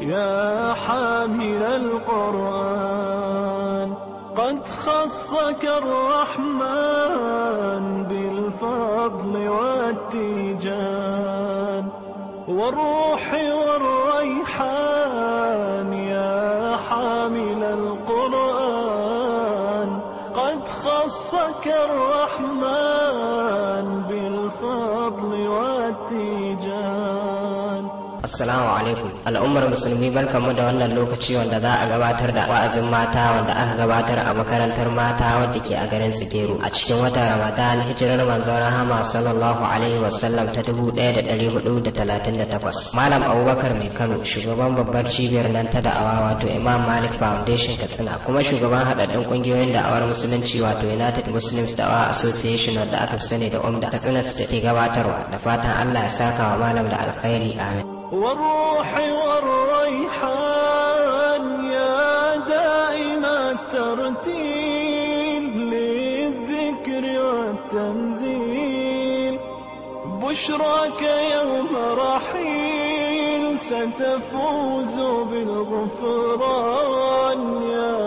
يا حامل القرآن قد خصك الرحمن بالفضل والتيجان والروح Assalamu alaikum al'ummar musulmi barkanmu da wannan lokaci wanda za a gabatar da wa'azin mata wanda aka gabatar a makarantar mata wadda ke a garin Tsigeru a cikin watan Ramadan hijirar manzon Rahama sallallahu alaihi wa sallam. ta 1438 Malam Abubakar Mai Kano shugaban babbar cibiyar nan ta da'awa wato Imam Malik Foundation Katsina kuma shugaban haɗaɗɗen ƙungiyoyin da'awar musulunci wato United Muslims Da'awa Association wadda aka fi sani da Umda Katsina su ke gabatarwa da fatan Allah ya saka wa malam da alkhairi amin والروح والريحان يا دائم الترتيل للذكر والتنزيل بشراك يوم رحيل ستفوز بالغفران يا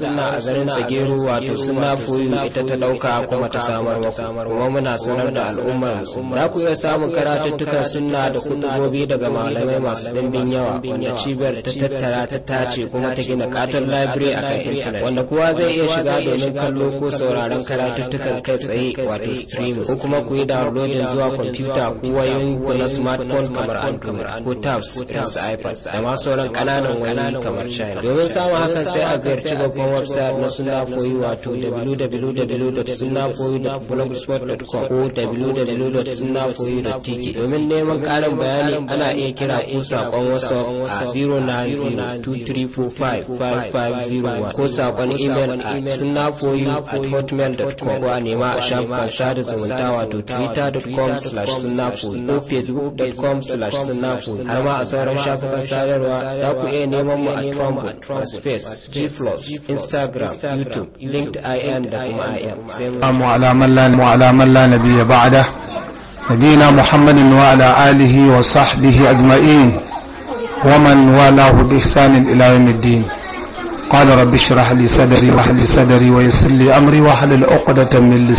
suna a garin sagero wato suna foyu ita ta dauka kuma ta samar muku kuma muna sanar da al'ummar za ku iya samun karatuttukan suna da kutubobi daga malamai masu dimbin yawa wanda cibiyar ta tattara ta tace kuma ta gina katon library a kan intanet wanda kowa zai iya shiga domin kallo ko sauraron karatuttukan kai tsaye wato streaming ko kuma ku yi downloading zuwa kwamfuta ko wayoyin ku na smartphone kamar android ko tabs su ipad da ma sauran kananan wayoyi kamar china domin samun hakan sai a ziyarci babban website na suna foyi wato www.sunafoyi.blogspot.com ko www.sunafoyi.tk domin neman karin bayani ana iya kira ko saƙon wasa a 0903455501 ko saƙon email a sunafoyi at hotmail.com ko a nema a shafukan sada zumunta wato twitter.com slash sunafoyi ko facebook.com slash sunafoyi har ma a sauran shafukan sadarwa za ku iya neman mu a Trump, MySpace, G+, Plus, Instagram, YouTube, LinkedIn da kuma IM. Assalamu ala la wa ala man la ba'da. Nabiyina Muhammadin wa ala alihi wa sahbihi ajma'in wa man walahu bi ihsanin ila yawmiddin. قال رب اشرح لي صدري واحلل صدري ويسر لي امري واحلل عقدة من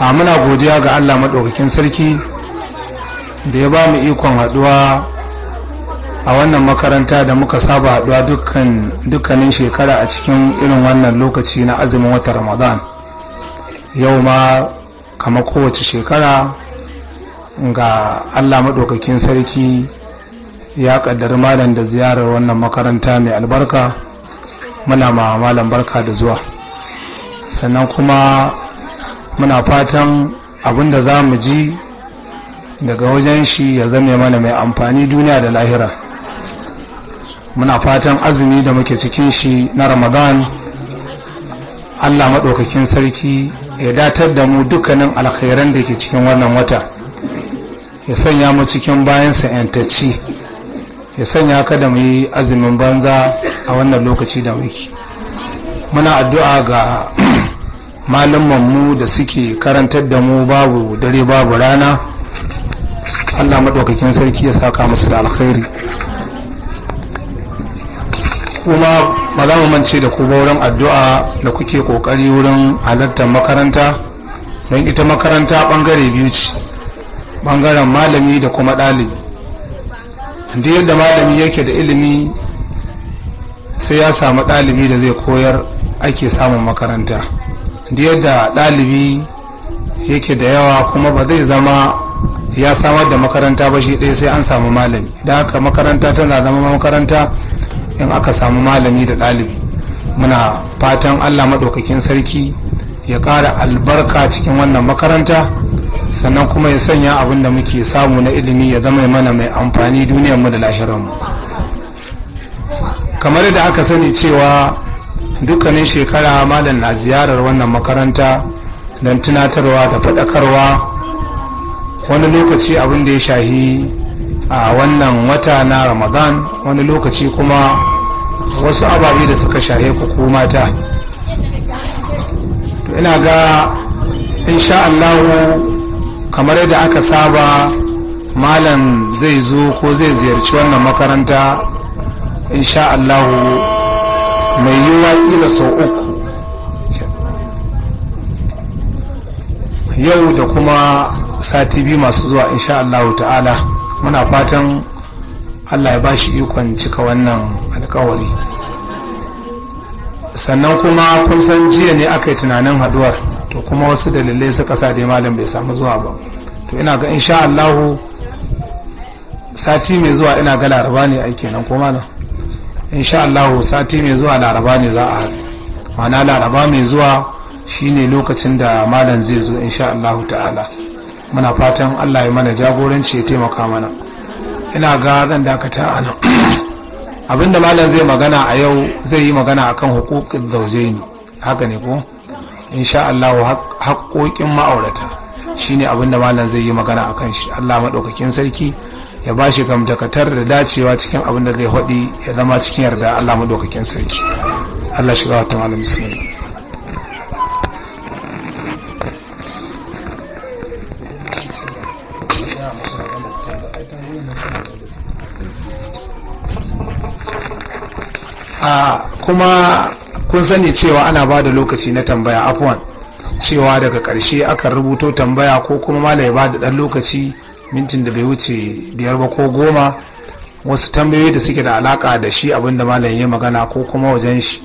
a muna godiya ga Allah maɗaukakin sarki da ya ba mu ikon haɗuwa a wannan makaranta da muka saba haɗuwa dukkanin shekara a cikin irin wannan lokaci na azumin wata ramadan yau ma kama kowace shekara ga Allah maɗaukakin sarki ya ƙaddari malam da ziyarar wannan makaranta mai albarka muna ma malam barka da zuwa sannan kuma muna fatan abin da za mu ji daga wajen shi ya zame mana mai amfani duniya da lahira muna fatan azumi da muke cikin shi na ramadan allah maɗaukakin sarki ya datar da mu dukkanin alkhairan da ke cikin wannan wata ya sanya mu cikin bayansa yantacci ya sanya ka da mu yi azumin banza a wannan lokaci da muke muna addu'a ga mu da suke karantar da mu babu dare babu rana allah maɗaukakin sarki ya saka musu da alkhairi kuma ba za mu mance da ku wurin addu'a da kuke ƙoƙari wurin halartar makaranta don ita makaranta ɓangare biyu ce ɓangaren malami da kuma ɗalibi da yadda malami yake da ilimi sai ya samu ɗalibi da zai koyar ake samun makaranta da yadda ɗalibi yake da yawa kuma ba zai zama ya samar da makaranta ba shi ɗaya sai an samu malami da haka makaranta tana zama makaranta in aka samu malami da ɗalibi muna fatan allah maɗaukakin sarki ya ƙara albarka cikin wannan makaranta sannan kuma ya sanya abin da muke samu na ilimi ya zama mana mai amfani duniyarmu da mu kamar da aka sani cewa dukkanin shekara malam na ziyarar wannan makaranta don tunatarwa da faɗakarwa wani lokaci abin da ya shahi a wannan wata na ramadan wani lokaci kuma wasu ababe da suka shahe ku mata ina ga insha Allahu kamar yadda aka saba malam zai zo ko zai ziyarci wannan makaranta insha Allahu mai yiwuwa kila sau uku yau da kuma sati biyu masu zuwa insha Allah ta'ala muna fatan Allah ya bashi ikon cika wannan alkawari sannan kuma kun san jiya ne aka yi tunanin haduwar to kuma wasu dalilai suka sa dai malam bai samu zuwa ba to ina ga insha Allah sati mai zuwa ina ga laraba ne aiki nan ko malam insha Allah sati mai zuwa laraba ne za a mana laraba mai zuwa shine lokacin da malam zai zo insha Allah ta'ala muna fatan Allah ya mana jagoranci ya taimaka mana ina ga zan dakata a nan abinda malam zai magana a yau zai yi magana akan hukukin ne haka ne ko insha Allah haƙoƙin ma'aurata shine abinda malam zai yi magana akan shi Allah maɗaukakin sarki ya ba shi gamtakatar da dacewa cikin abin da zai haɗi ya zama cikin yarda Allah madaukakin sarki Allah shiga watan alam musulmi a kuma kun sani cewa ana ba da lokaci na tambaya afwan cewa daga karshe aka rubuto tambaya ko kuma mala ya ba da ɗan lokaci mintin da bai wuce biyar ba ko goma wasu tambayoyi da suke da alaka da shi abinda malam ya magana ko kuma wajen shi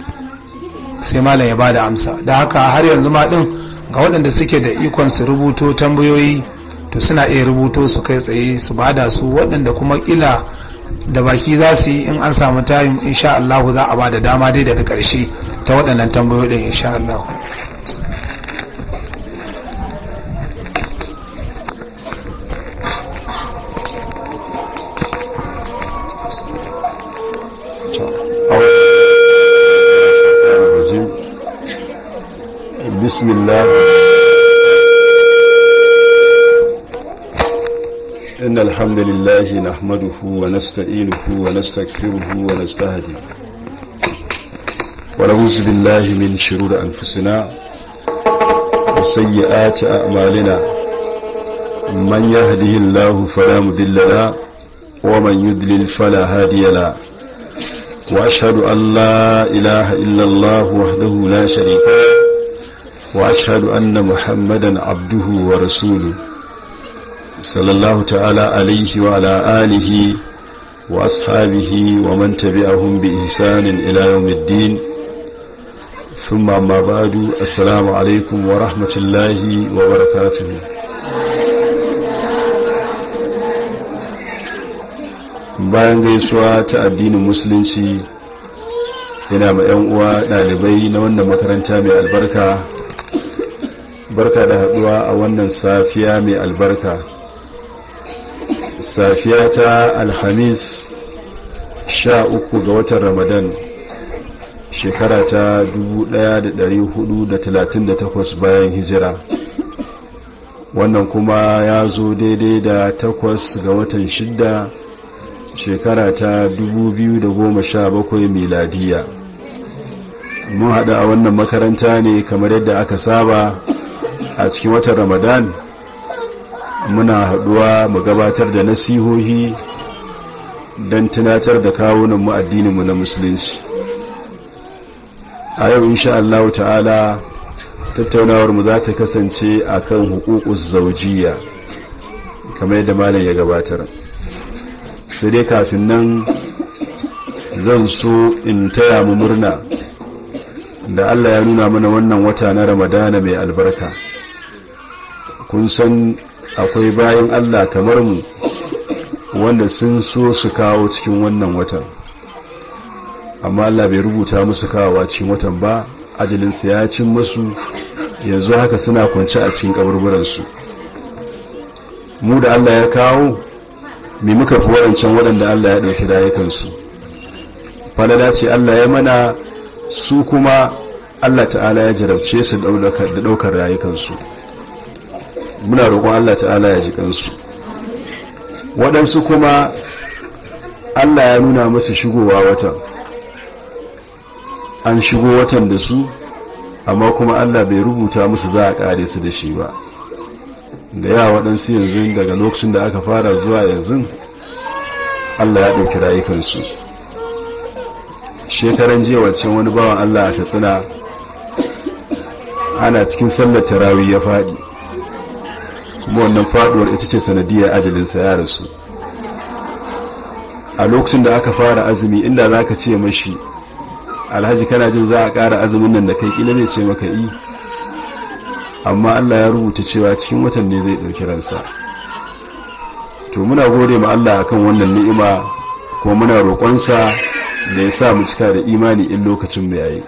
sai malam ya bada amsa da haka har yanzu ma din ga waɗanda suke da ikon su rubuto tambayoyi to suna iya rubuto su kai tsaye su bada su waɗanda kuma kila da baki za su yi in an samu tayin insha Allah za a bada dama dai daga ƙarshe ta waɗannan tambayoyin in insha Allah بسم الله إن الحمد لله نحمده ونستعينه ونستكفره ونستهديه ونعوذ بالله من شرور أنفسنا وسيئات أعمالنا من يهده الله فلا مذل له ومن يدلل فلا هادي له وأشهد أن لا إله إلا الله وحده لا شريك له وأشهد أن محمدا عبده ورسوله صلى الله تعالى عليه وعلى آله وأصحابه ومن تبعهم بإحسان إلى يوم الدين ثم أما بعد السلام عليكم ورحمة الله وبركاته bayan gaisuwa ta addinin musulunci yana ma 'yan uwa ɗalibai na wannan makaranta mai albarka barka da haɗuwa a wannan safiya mai albarka safiya ta alhamis sha uku ga watan ramadan shekara ta 1438 bayan hijira wannan kuma ya zo daidai da takwas ga watan shidda shekara ta 2017 miladiya mun haɗu a wannan makaranta ne kamar yadda aka saba a cikin watan ramadan muna haɗuwa mu gabatar da nasihohi don tunatar da kawunanmu addininmu na musulunci a yau insha Allah ta'ala tattaunawar mu za ta kasance akan hukukus zaujiya kamar yadda malam ya gabatar sai dai kafin nan zan so in taya mu murna da Allah ya nuna mana wannan wata na ramadana mai albarka kun san akwai bayan Allah kamar mu wanda sun so su kawo cikin wannan watan amma Allah bai rubuta musu kawo cikin watan ba ajalinsu ya cin musu yanzu haka suna kwanci a cikin kaburburansu mu da Allah ya kawo mai muka fi waɗancan waɗanda Allah ya ɗauki rayukansu falala ce Allah ya mana su kuma Allah ta'ala ya jarabce su da ɗaukar rayukansu muna roƙon Allah ta'ala ya ji kansu waɗansu kuma Allah ya nuna musu shigowa watan an shigo watan da su amma kuma Allah bai rubuta musu za a ƙare su da shi ba da ya waɗansu yanzu daga lokacin da aka fara zuwa yanzu allah ya ɗauki rayukansu shekaran jiya wani bawan allah a katsina ana cikin sallar tarawih ya faɗi kuma wannan faɗuwar ita ce sanadiyar ajalinsa ya rasu a lokacin da aka fara azumi inda za ka ce mashi alhaji kana jin za a ƙara azumin nan da kai ƙila zai ce maka yi eh, amma Allah ya rubuta cewa cikin watan ne zai ɗauki ransa to muna gode ma Allah akan wannan ni'ima ko muna roƙonsa da ya sa mu cika da imani in lokacin mu yayi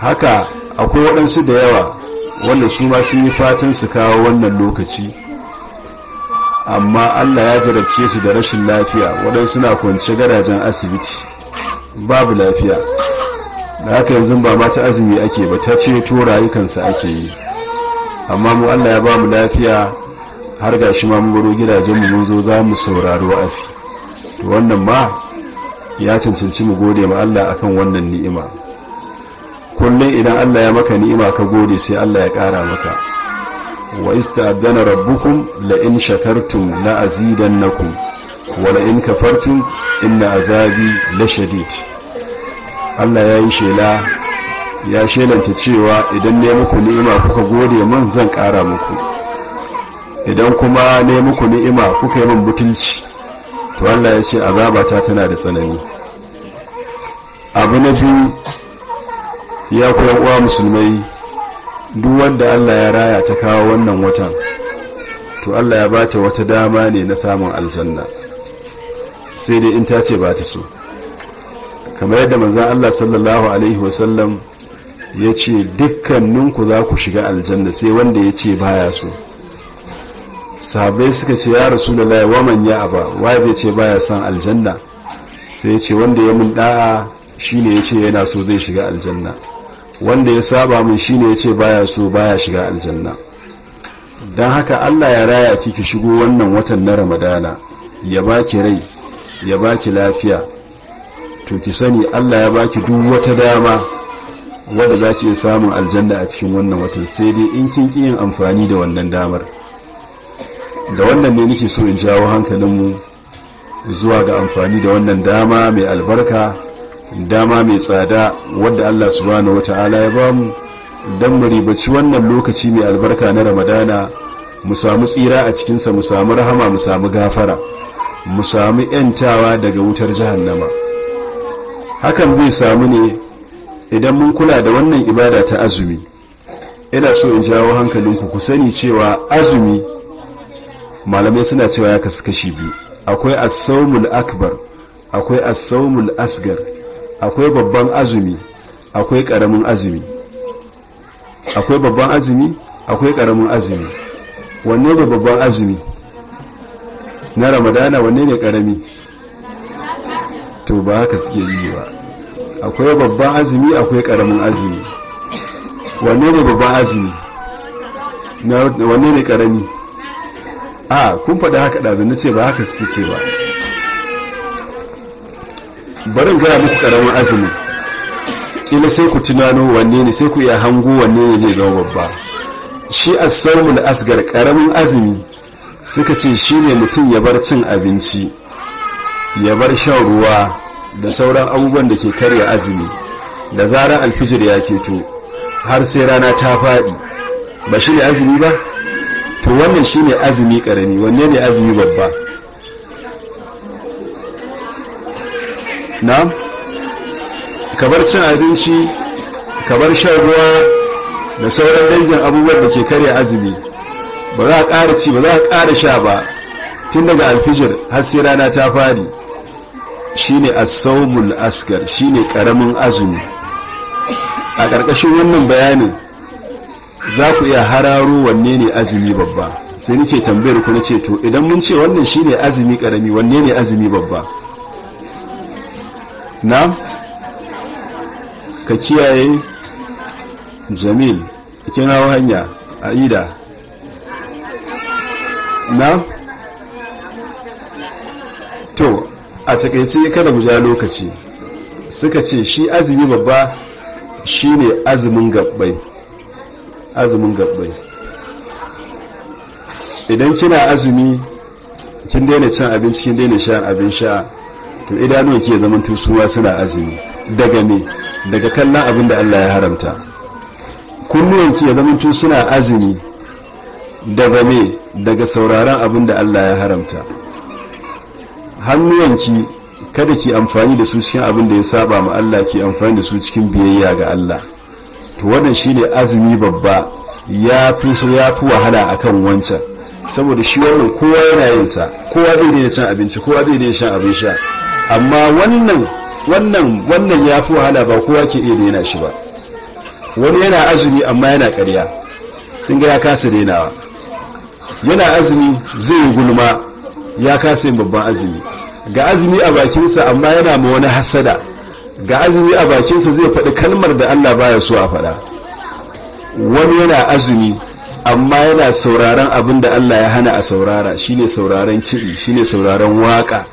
haka akwai waɗansu da yawa wanda su ma sun yi fatan su kawo wannan lokaci amma Allah ya jarabce su da rashin lafiya waɗansu na kwance garajen asibiti babu lafiya da haka yanzu ba ma ta azumi ake ba ta ce to rayukansa ake yi amma mu Allah ya ba mu lafiya har ga shi ma mun baro gidajen mu mun zo za mu saurari wa'azi to wannan ma ya cancanci mu gode ma Allah akan wannan ni'ima kullum idan Allah ya maka ni'ima ka gode sai Allah ya ƙara maka wa ista'dana rabbukum la in shakartum la azidannakum wa la in kafartum inna azabi la shadid Allah ya yi shela ya shelanta cewa idan ne muku ni'ima kuka gode min zan ƙara muku idan kuma ne muku ni'ima kuka yi min mutunci, to Allah ya ce azabata tana da tsanani abu na biyu ya kuwa uwa musulmai duk wanda Allah ya raya ta kawo wannan watan to Allah ya bata wata dama ne na samun aljanna sai dai in ta ce ba ta so kamar yadda manzan Allah sallallahu alaihi wasallam ya ce dukkaninku za ku shiga aljanna sai wanda ya ce baya so sahabai suka ce ya rasu da laye waman ya aba waye zai ce baya son aljanna sai ya ce wanda ya mun da'a shi ne ya ce yana so zai shiga aljanna wanda ya saba mun shine ne ya ce baya so baya shiga aljanna don haka allah ya raya ki ki shigo wannan watan na ramadana ya baki rai ya baki lafiya to ki sani Allah ya baki duk wata dama wadda za ki samun aljanna a cikin wannan watan sai dai in kin ki yin amfani da wannan damar da wannan ne nake so in jawo hankalinmu zuwa ga amfani da wannan dama mai albarka dama mai tsada wadda Allah subhanahu wata'ala ya bamu dan mu ribaci wannan lokaci mai albarka na Ramadana mu samu tsira a cikinsa mu samu rahama mu samu gafara mu samu ‘yantawa daga wutar jahannama hakan bai samu ne idan mun kula da wannan ibada ta azumi ina so in jawo hankalinku ku sani cewa azumi malamai suna cewa ya kasu kashi biyu akwai as-sawmul akbar akwai as-sawmul asgar akwai babban azumi akwai karamin azumi akwai babban azumi akwai karamin azumi wanne ne babban azumi na ramadana wanne ne karami to ba haka suke yi ba akwai babban azumi akwai karamin azumi wanne ne babban azumi wanne ne karami a kun faɗi haka ɗazu na ce ba haka suke ce ba barin gara muku karamin azumi ila sai ku tunano wanne ne sai ku iya hango wanne ne zai zama babba shi asarmul asgar karamin azumi suka ce shi ne mutum ya bar cin abinci ya bar shan ruwa da sauran abubuwan da ke karya azumi da zarar alfijir ya keto har sai rana ta faɗi ba shi ne azumi ba to wannan shi ne azumi ƙarami wanne ne azumi babba na kabar cin abinci kabar shan ruwa da sauran dangin abubuwan da ke karya azumi ba za a ƙara ci ba za a ƙara sha ba tun daga alfijir har sai rana ta faɗi shine as askar shine karamin azumi a ƙarƙashin wannan bayanin za ku iya hararo wanne ne azumi babba sai nake tambayar ku na ce to idan mun ce wannan shine azumi karami wanne ne azumi babba na ka kiyaye jamil kina hanya aida na a takaice kada mu ja lokaci suka ce shi azumi babba shine azumin gabbai azumin gabbai idan kina azumi kin daina cin abinci kin daina shan abin sha to idanuwa ke zaman tusuwa suna azumi daga me daga kallon abin da Allah ya haramta kunnuwan ke zaman tusuna suna azumi daga me daga sauraron abin da Allah ya haramta hannuwanki kada ki amfani da su cikin abin da ya saba ma Allah ke amfani da su cikin biyayya ga Allah to wannan shine azumi babba ya fi so ya fi wahala akan wancan saboda shi wannan kowa yana yin sa kowa zai daina cin abinci kowa zai daina shan abin sha amma wannan wannan wannan ya fi wahala ba kowa ke iya daina shi ba wani yana azumi amma yana karya kin ga ya kasa dainawa yana azumi zai gulma ya kasa yin babban azumi ga azumi a bakinsa amma yana ma wani hasada ga azumi a bakinsa zai faɗi kalmar da Allah baya so a faɗa wani yana azumi amma yana sauraron abin da Allah ya hana a saurara Shi shine sauraron kiɗi ne sauraron waka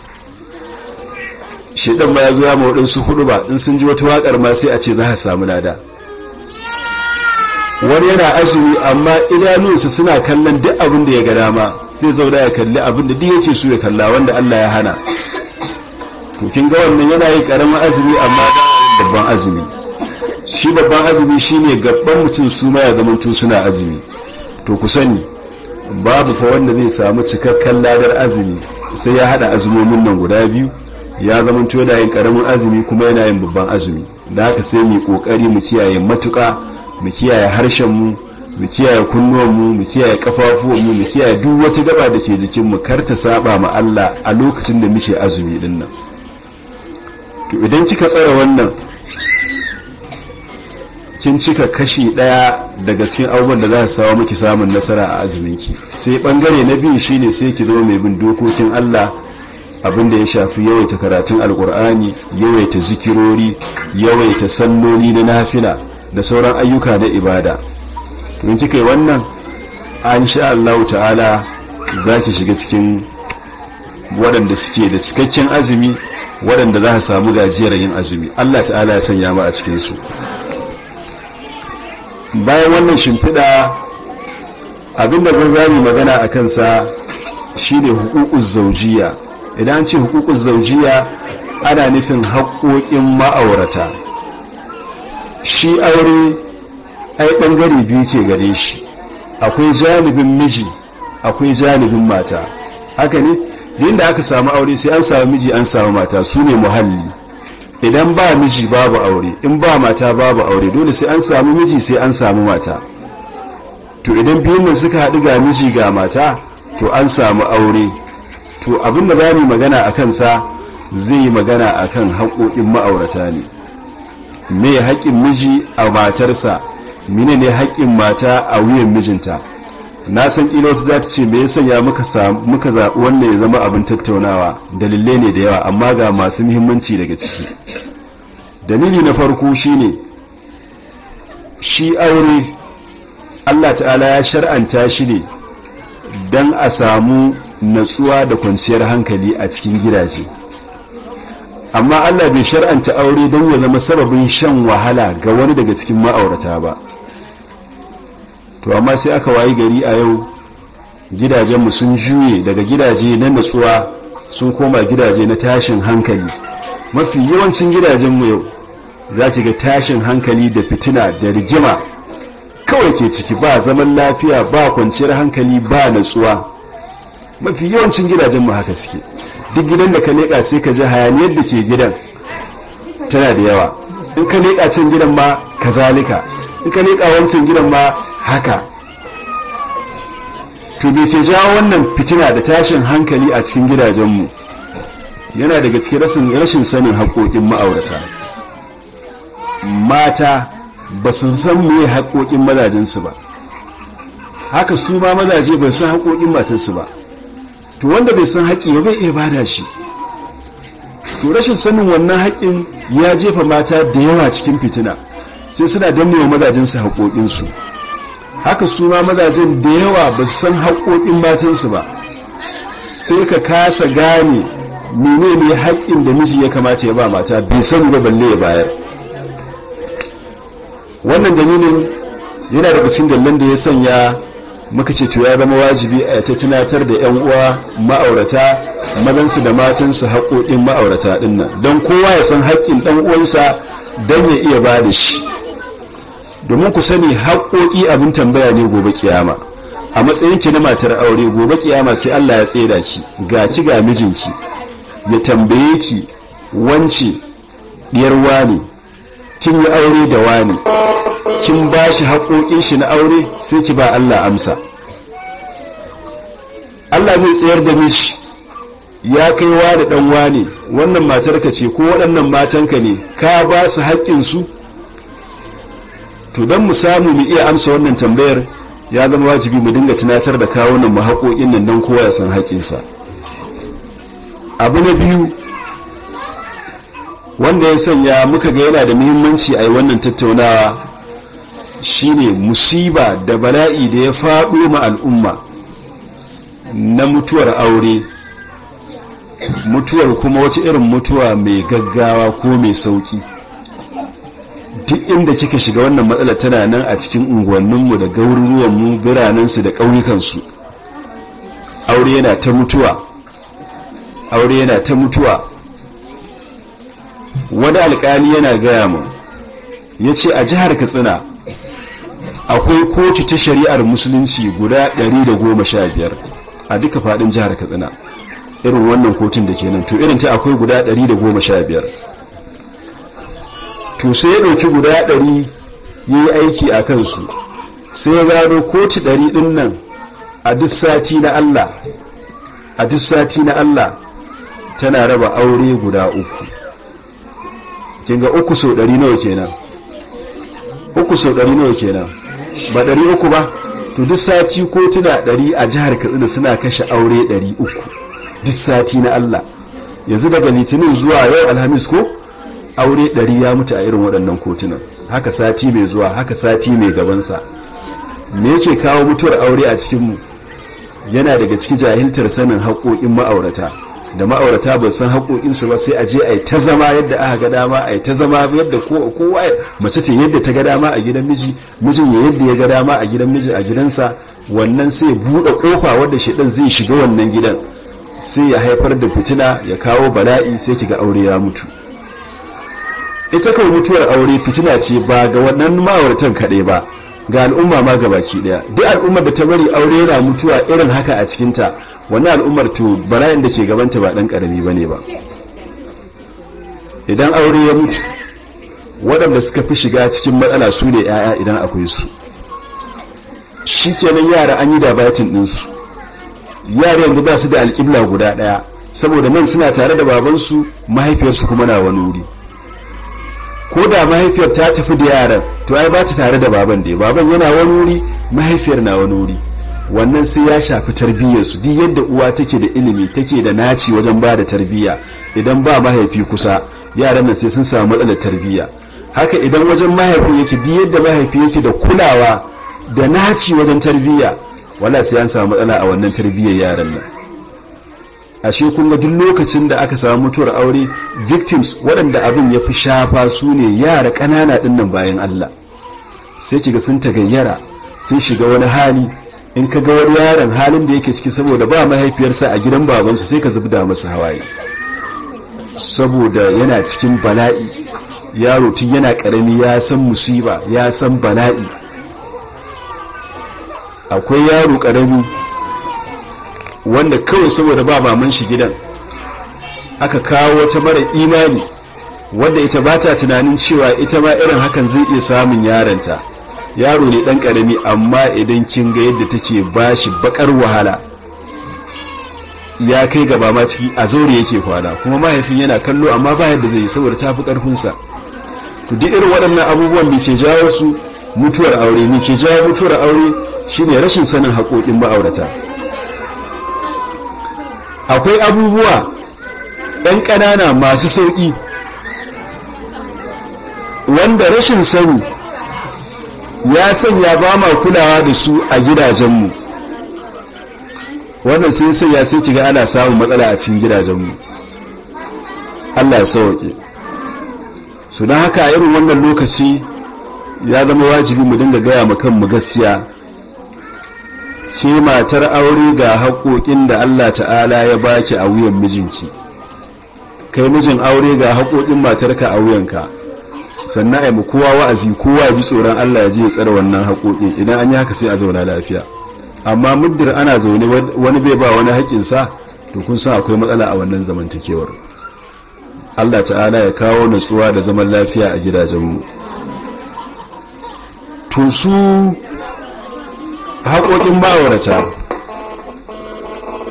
shedan ma ya zo ya ma hudu ba in sun ji wata waƙar ma sai a ce za a samu lada wani yana azumi amma idanunsa suna kallon duk abin da ya ga dama zai zauna ya kalli abin da duk yace su ya kalla wanda Allah ya hana to kin ga wannan yana yi karamin azumi amma da babban azumi shi babban azumi shine gabban mutum su ma ya zama tun suna azumi to ku sani babu fa wanda zai samu cikakken ladar azumi sai ya hada azumomin nan guda biyu ya zama to yana yin karamin azumi kuma yana yin babban azumi da haka sai mu kokari mu kiyaye matuka mu kiyaye harshen mu mu kiyaye kunnuwanmu mu kiyaye kafafuwanmu mu kiyaye duk wata gaba da ke jikinmu kar ta saba ma Allah a lokacin da muke azumi din nan to idan kika tsara wannan kin cika kashi daya daga cikin abubuwan da za su sawa miki samun nasara a azumin ki sai bangare na biyu shine sai ki zama mai bin dokokin Allah abin da ya shafi yawaita karatun alkur'ani yawaita zikirori yawaita sannoni na nafila da sauran ayyuka na ibada in kika yi wannan an sha Allah ta'ala za ki shiga cikin waɗanda suke da cikakken azumi waɗanda za a samu gajiyar yin azumi Allah ta'ala ya sanya ma a cikinsu bayan wannan shimfiɗa abinda zan zami magana a kansa shi ne hukukun zaujiya idan an ce hukukun zaujiya ana nufin haƙoƙin ma'aurata shi aure ai ɓangare biyu ke gare shi akwai janibin miji akwai janibin mata haka ne din da aka samu aure sai an samu miji an samu mata su ne muhalli idan ba miji babu aure in ba mata babu aure dole sai an samu miji sai an samu mata to idan biyun suka haɗu ga miji ga mata to an samu aure to abin da za mu magana a kansa zai yi magana a kan haƙoƙin ma'aurata ne me haƙƙin miji a matarsa mine ne haƙƙin mata a wuyan mijinta na san ƙila wata za ta ce mai sanya muka zaɓi wannan ya zama abin tattaunawa dalilai ne da yawa amma ga masu muhimmanci daga ciki dalili na farko shi ne shi aure Allah ta'ala ya shar'anta shi ne don a samu natsuwa da kwanciyar hankali a cikin gidaje amma Allah bai shar'anta aure don ya zama sababin shan wahala ga wani daga cikin ma'aurata ba to amma sai aka wayi gari a yau gidajenmu sun juye daga gidaje na natsuwa sun koma gidaje na tashin hankali mafi yawancin gidajenmu yau za ki ga tashin hankali da fitina da rigima kawai ke ciki ba zaman lafiya ba kwanciyar hankali ba natsuwa mafi yawancin gidajenmu haka suke duk gidan da ka leƙa sai ka ji hayaniyar da ke gidan tana da yawa in ka leƙa can gidan ma kazalika in ka leƙa wancan gidan ma haka to bai ke jawo wannan fitina da tashin hankali a cikin gidajenmu yana daga cikin rashin sanin haƙoƙin ma'aurata mata ba su san me haƙoƙin mazajensu ba haka su ma mazaje ba san haƙoƙin matansu ba to wanda bai san haƙi ba bai iya bada shi to rashin sanin wannan haƙin ya jefa mata da yawa cikin fitina sai suna wa mazajensu haƙoƙinsu haka su ma mazajen da yawa ba san haƙoƙin matansu ba sai ka kasa gane nune ne haƙƙin da miji ya kamata ya ba mata bai san ba balle ya bayar wannan dalilin yana da bacin dallon da ya sanya muka ce to ya zama wajibi a ta tunatar da yan uwa ma'aurata mazansu da matansu haƙoƙin ma'aurata ɗin nan don kowa ya san haƙƙin ɗan uwansa don ya iya ba da shi domin ku sani haƙoƙi abin tambaya ne gobe kiyama a matsayinki na matar aure gobe kiyama sai Allah ya tseda ki ga ci ga mijinki ya tambaye ki wance diyar wani kin yi aure da wani kin ba shi haƙoƙin shi na aure sai ki ba Allah amsa Allah zai tsayar da mishi ya kai wa da ɗan wani wannan matarka ce ko waɗannan matanka ne ka ba su haƙƙinsu to don mu samu mu iya amsa wannan tambayar ya zama wajibi mu dinga tunatar da kawunan mu haƙoƙin nan don kowa ya san haƙinsa abu na biyu wanda ya sanya muka ga yana da muhimmanci a wannan tattaunawa shine musiba da bala'i da ya faɗo ma al'umma na mutuwar aure mutuwar kuma wace irin mutuwa mai gaggawa ko mai sauƙi duk inda kika shiga wannan matsala tana nan a cikin unguwanninmu da gauruwanmu biranensu da ƙauyukansu aure yana ta mutuwa aure yana ta mutuwa wani alƙali yana gaya mu ya ce a jihar katsina akwai kotu ta shari'ar musulunci guda 115 a duka faɗin jihar katsina irin wannan kotun da ke nan to irin ta akwai guda 115 to sai ya ɗauki guda ɗari ya yi aiki a kansu sai ya gano koci ɗari ɗin nan a duk sati na Allah a duk na Allah tana raba aure guda uku kinga uku sau ɗari nawa kenan uku sau ɗari nawa kenan ba ɗari uku ba to duk sati kotuna ɗari a jihar katsina suna kashe aure ɗari uku duk sati na Allah yanzu daga litinin zuwa yau alhamis ko aure ɗari ya mutu a irin waɗannan kotunan haka sati mai zuwa haka sati mai gabansa me yake kawo mutuwar aure a cikinmu yana daga ciki jahiltar sanin haƙoƙin ma'aurata da ma'aurata ba san su ba sai a je a yi ta zama yadda aka ga dama a yi ta zama yadda kowa mace ta yadda ta ga dama a gidan miji mijin ya yadda ya ga dama a gidan miji a gidansa wannan sai buɗe ƙofa wanda shedan zai shiga wannan gidan sai ya haifar da fitina ya kawo bala'i sai ga aure ya mutu ita kawai mutuwar aure fitina ce ba ga wannan ma'auratan kaɗai ba ga al'umma ma ga baki ɗaya duk al'ummar da ta bari aure yana mutuwa irin haka a cikinta wannan al'ummar to barayin da ke gabanta ba ɗan ƙarami ba ne ba idan aure ya mutu waɗanda suka fi shiga cikin matsala su ne 'ya'ya idan akwai su shi kenan yara an yi da batin ɗinsu yara yanzu ba su da alƙibla guda ɗaya saboda nan suna tare da babansu mahaifiyarsu kuma na wani wuri ko da mahaifiyar ta tafi da yaran to ai ba ta tare da baban dai baban yana wani wuri mahaifiyar na wani wuri wannan sai ya shafi tarbiyyar su duk yadda uwa take da ilimi take da naci wajen ba da tarbiyya idan ba mahaifi kusa yaran nan sai sun samu matsalar tarbiyya haka idan wajen mahaifi yake duk yadda mahaifi yake da kulawa da naci wajen tarbiyya wala sai an samu matsala a wannan tarbiyyar yaran nan ashe kun duk lokacin da aka samu mutuwar aure victims waɗanda abin ya fi shafa su ne yara ƙanana ɗin nan bayan Allah sai kiga sun tagayyara sun shiga wani hali in ka ga wani yaron halin da yake ciki saboda ba mahaifiyarsa a gidan babansu sai ka zubda masa hawaye saboda yana cikin bala'i yaro tun yana ƙarami ya san musiba ya san bala'i akwai yaro ƙarami wanda kawai saboda ba maman shi gidan aka kawo wata mara imani wanda ita ba ta tunanin cewa ita ma irin hakan zai iya samun yaranta yaro ne dan karami amma idan kin ga yadda take bashi bakar wahala ya kai gaba ma ciki a zaure yake kwana kuma mahaifin yana kallo amma ba yadda zai saboda tafi karfin sa to duk irin waɗannan abubuwan da ke jawo su mutuwar aure ne ke jawo mutuwar aure shine rashin sanin haƙoƙin ma'aurata akwai abubuwa ɗan ƙanana masu sauƙi wanda rashin sani ya sanya ba ma kulawa da su a gidajenmu wannan sai sanya sai kiga ana samun matsala a cikin gidajenmu Allah ya sauke su don haka a irin wannan lokaci ya zama wajibi mu dinga gaya ma kanmu gaskiya ke matar aure ga haƙoƙin da Allah ta'ala ya baki a wuyan mijinki kai mijin aure ga haƙoƙin matarka a wuyanka sannan ai kowa wa'azi kowa ji tsoron Allah ya ji ya tsara wannan haƙoƙin idan an yi haka sai a zauna lafiya amma muddin ana zaune wani bai ba wani sa to kun san akwai matsala a wannan zamantakewar Allah ta'ala ya kawo nutsuwa da zaman lafiya a gidajenmu to su haƙoƙin ma'aurata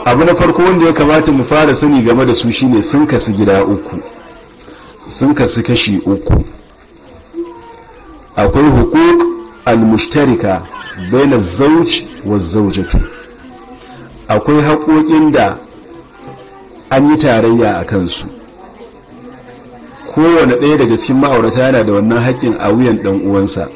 abu na farko wanda ya kamata mu fara sani game da su shine sun kasu gida uku sun kasu kashi uku akwai hukuk al-mushtarika bayan zauj wa zaujatu akwai haƙoƙin da an yi tarayya a kansu kowane ɗaya daga cikin ma'aurata yana da wannan haƙƙin a wuyan ɗan uwansa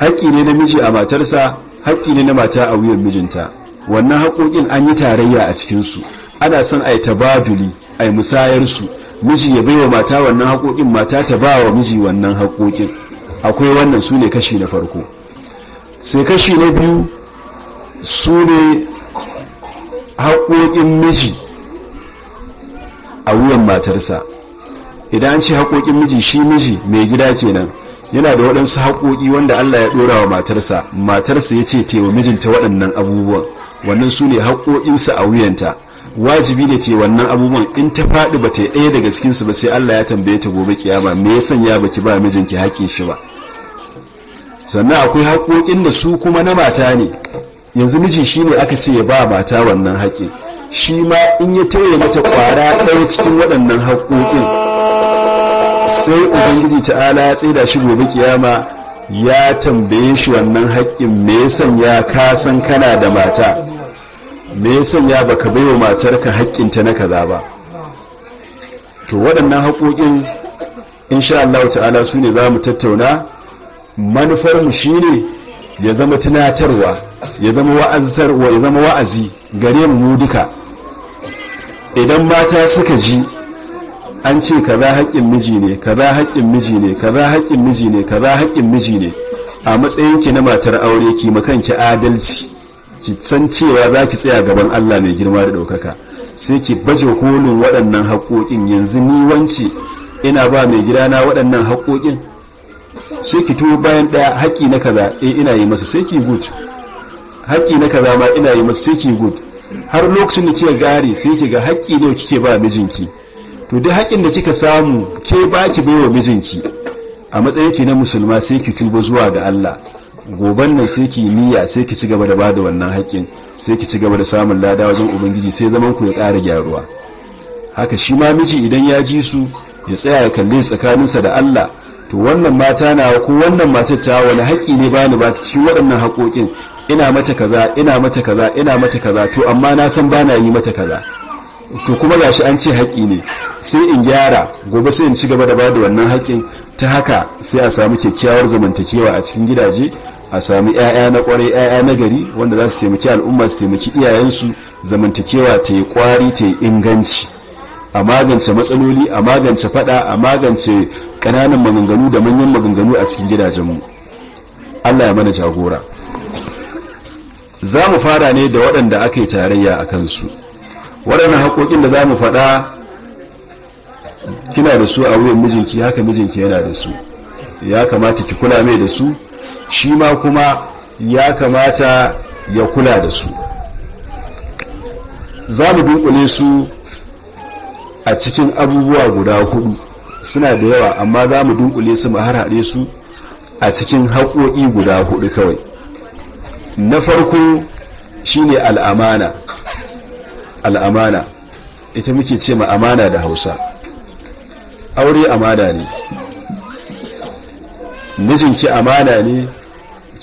haƙƙi ne na miji a matarsa haƙƙi ne na mata a wuyan mijinta wannan haƙoƙin an yi tarayya a cikinsu ana son a yi tabaduli a yi su miji ya baiwa mata wannan haƙoƙin mata ta ba wa miji wannan haƙoƙin akwai wannan su ne kashi na farko sai kashi na biyu su ne haƙoƙin miji a wuyan matarsa idan an ce haƙoƙin miji shi miji mai gida kenan yana da waɗansu haƙoƙi wanda Allah ya ɗora wa matarsa matarsa ya ce wa mijinta waɗannan abubuwan wannan su ne haƙoƙinsa a wuyanta wajibi ne ke wannan abubuwan in ta faɗi ba ta ɗaya daga cikinsu ba sai Allah ya tambaye ta gobe kiyama me ya sanya ba ki ba mijinki haƙi shi ba sannan akwai haƙoƙin da su kuma na mata ne yanzu miji shi ne aka ce ya ba mata wannan haƙi shi ma in ya tare mata ƙwara ɗaya cikin waɗannan haƙoƙin sai ubangiji ta'ala ya tsira shi gobe kiyama ya tambaye shi wannan haƙƙin me yasan ya ka san kana da mata me yasan ya baka baiwa matarka ta na kaza ba to waɗannan haƙoƙin insha Allah ta'ala su ne za mu tattauna manufarmu shi ne ya zama tunatarwa ya zama ya zama wa'azi gare mu duka idan mata suka ji an ce kaza haƙƙin miji ne kaza haƙƙin miji ne kaza haƙƙin miji ne kaza haƙƙin miji ne a matsayin ki na matar aure ki makanki adalci ki san cewa za ki tsaya gaban Allah mai girma da ɗaukaka sai ki baje kolin waɗannan haƙoƙin yanzu ni wanci ina ba mai gidana waɗannan haƙoƙin sai ki tuwo bayan ɗaya haƙi na kaza eh ina yi masa sai ki gud. haƙi na kaza ma ina yi masa sai ki gud. har lokacin da kike gari sai ki ga haƙi ne kike ba mijinki to duk haƙin da kika samu ke ba ki wa mijinki a matsayinki na musulma sai ki tuba zuwa ga Allah goban nan sai ki niyya sai ki cigaba da bada wannan haƙin sai ki ci gaba da samun lada wajen ubangiji sai zaman ku ya ƙara gyaruwa haka shi ma miji idan ya ji su ya tsaya ya kalle tsakaninsa da Allah to wannan mata na ko wannan matar ta wani haƙi ne bani ba cikin waɗannan haƙoƙin ina mata kaza ina mata kaza ina mata kaza to amma na san bana yi mata kaza to kuma ga shi an ce haƙi ne sai in gyara gobe sai in ci gaba da bada wannan haƙin ta haka sai a samu kyakkyawar zamantakewa a cikin gidaje a samu 'ya'ya na ƙwarai 'ya'ya na gari wanda za su taimaki al'umma su taimaki iyayensu zamantakewa ta yi ƙwari ta yi inganci a magance matsaloli a magance faɗa a magance ƙananan maganganu da manyan maganganu a cikin gidajenmu allah ya mana jagora za mu fara ne da waɗanda aka yi tarayya a kansu waɗannan haƙoƙin da za mu faɗa kina da su a wuyan mijinki haka mijinki yana da su ya kamata ki kula mai da su shi ma kuma ya kamata ya kula da su za mu dunkule su a cikin abubuwa guda hudu suna da yawa amma za mu dunkule su mu harhaɗe su a cikin haƙoƙi guda hudu kawai na farko shi ne al'amana al'amana ita muke ce ma amana da hausa aure amana ne mijinki amana ne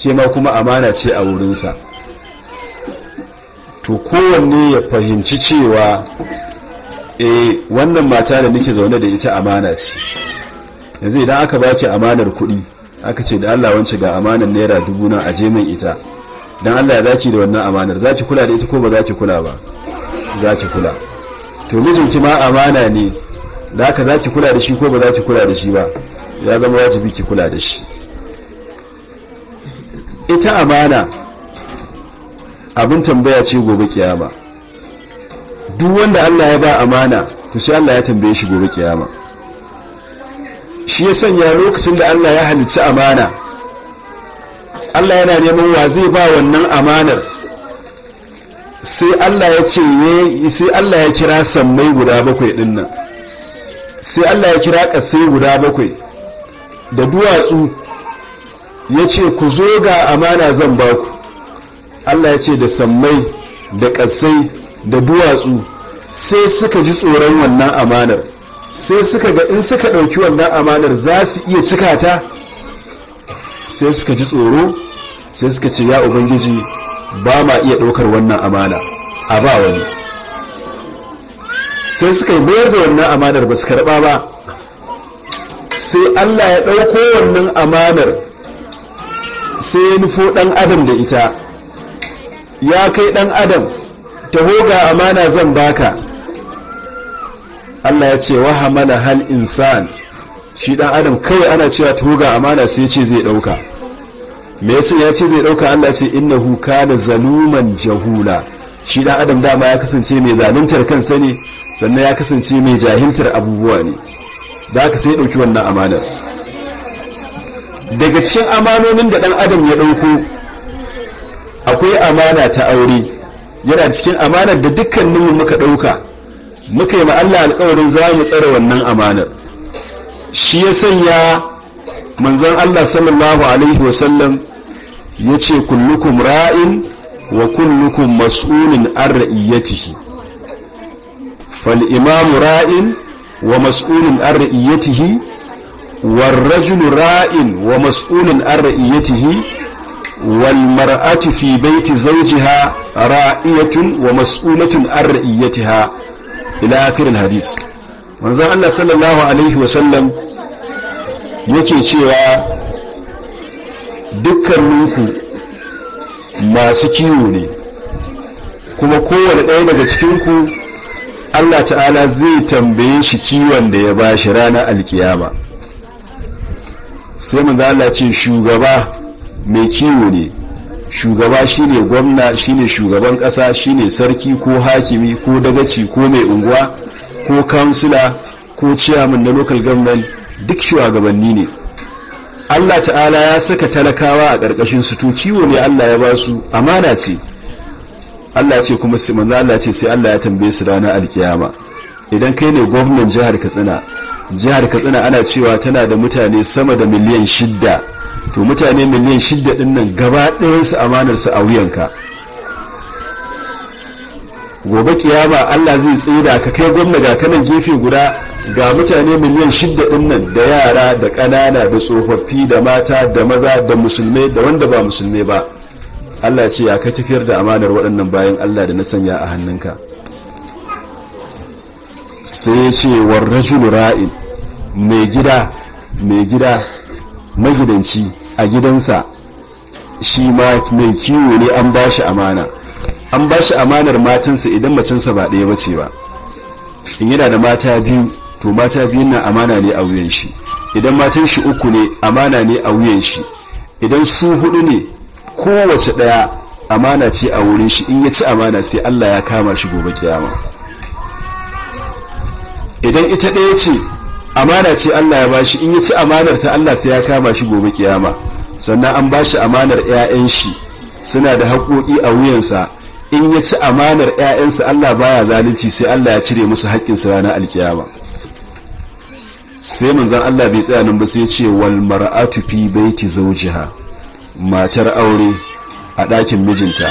ke ma kuma amana ce a wurinsa to kowanne ya fahimci cewa e wannan mata da nake zaune da ita amana ce yanzu idan aka ba baki amanar kuɗi aka ce da Allah wance ga amanar naira dubu na aje min ita dan Allah ya zaki da wannan amanar zaki kula da ita ko ba zaki kula ba za ki kula to mijinki ma amana ne da haka za ki kula da shi ko ba za ki kula da shi ba ya zama wajibi ki kula da shi ita amana abin tambaya ce gobe kiyama duk wanda Allah ya ba amana to sai Allah ya tambaye shi gobe kiyama shi ya sanya lokacin da Allah ya halicci amana Allah yana neman wa zai ba wannan amanar sai Allah ya ce sai Allah ya kira sammai guda bakwai din nan sai Allah ya kira kasai guda bakwai da duwatsu ya ce ku zo ga amana zan ba ku Allah ya ce da sammai da kasai da duwatsu sai suka ji tsoron wannan amanar sai suka ga in suka ɗauki wannan amanar za su iya cika ta sai suka ji tsoro sai suka ce ya ubangiji ba ma iya ɗaukar wannan amana a ba wani sai suka yi mayar da wannan amanar ba su karɓa ba sai Allah ya ɗauko wannan amanar sai ya nufo ɗan adam da ita ya kai ɗan adam ta hoga amana zan baka Allah ya ce wa hamala hal insan shi ɗan adam kawai ana cewa ta ga amana sai ce zai ɗauka me yace ya ce zai dauka Allah ce innahu kana zaluman jahula shi dan adam dama ya kasance mai zaluntar kansa ne sannan ya kasance mai jahiltar abubuwa ne da sai ya dauki wannan amanar daga cikin amanonin da dan adam ya dauko akwai amana ta aure yana cikin amanar da mu muka dauka muka yi ma Allah alƙawarin za mu tsare wannan amanar shi ya sanya manzon Allah sallallahu alaihi wasallam yace kullukum ra'in wa kullukum mas'unin an ra'iyatihi fal imamu ra'in wa mas'unin an ra'iyatihi wal rajulu ra'in wa mas'ulun an ra'iyatihi wal mar'atu fi baiti zawjiha ra'iyatun wa mas'ulatun an ra'iyatiha ila akhir al hadith manzo Allah sallallahu alaihi wa sallam yake cewa dukkaninku masu kiwo ne kuma kowane ɗaya daga cikinku Allah ta'ala zai tambaye shi kiwon da ya bashi ranar alkiyama sai mu zala ce shugaba mai kiwo ne shugaba shine gwamna shine shugaban ƙasa shine sarki ko hakimi ko dagaci ko mai unguwa ko kansila ko ciyamin na local government duk shugabanni ne Allah ta'ala ya saka talakawa a ƙarƙashin su to ciwo ne Allah ya ba su amana ce Allah ce kuma su manzo Allah ce sai Allah ya tambaye su ranar alkiyama idan kai ne gwamnan jihar Katsina jihar Katsina ana cewa tana da mutane sama da miliyan shidda to mutane miliyan shidda din nan gaba ɗayan su amanar su a wuyanka gobe kiyama Allah zai tsira ka kai gwamna ga kanan gefe guda ga mutane miliyan shidda ɗin nan da yara da ƙanana da tsofaffi da mata da maza da musulmai da wanda ba musulmai ba Allah ce ya ka tafiyar da amanar waɗannan bayan Allah da na sanya a hannunka sai ce warrajul ra'in mai gida mai gida magidanci a gidansa shi ma mai kiwo ne an ba shi amana an ba shi amanar matansa idan macinsa ba ɗaya bace ba in yana da mata biyu to mata biyun na amana ne a wuyan shi idan matan shi uku ne amana ne a wuyan shi idan su hudu ne kowace daya amana ce a wurin shi in ya ci amana sai Allah ya kama shi gobe kiyama idan ita daya ce amana ce Allah ya bashi in ya ci amanar ta Allah sai ya kama shi gobe kiyama sannan an bashi amanar ƴaƴan shi suna da haƙoƙi a wuyansa in ya ci amanar ƴaƴansa Allah baya zalunci sai Allah ya cire musu su ranar alkiyama sai manzan Allah bai tsaya nan ba sai ce wal mar'atu fi baiti zawjiha matar aure a ɗakin mijinta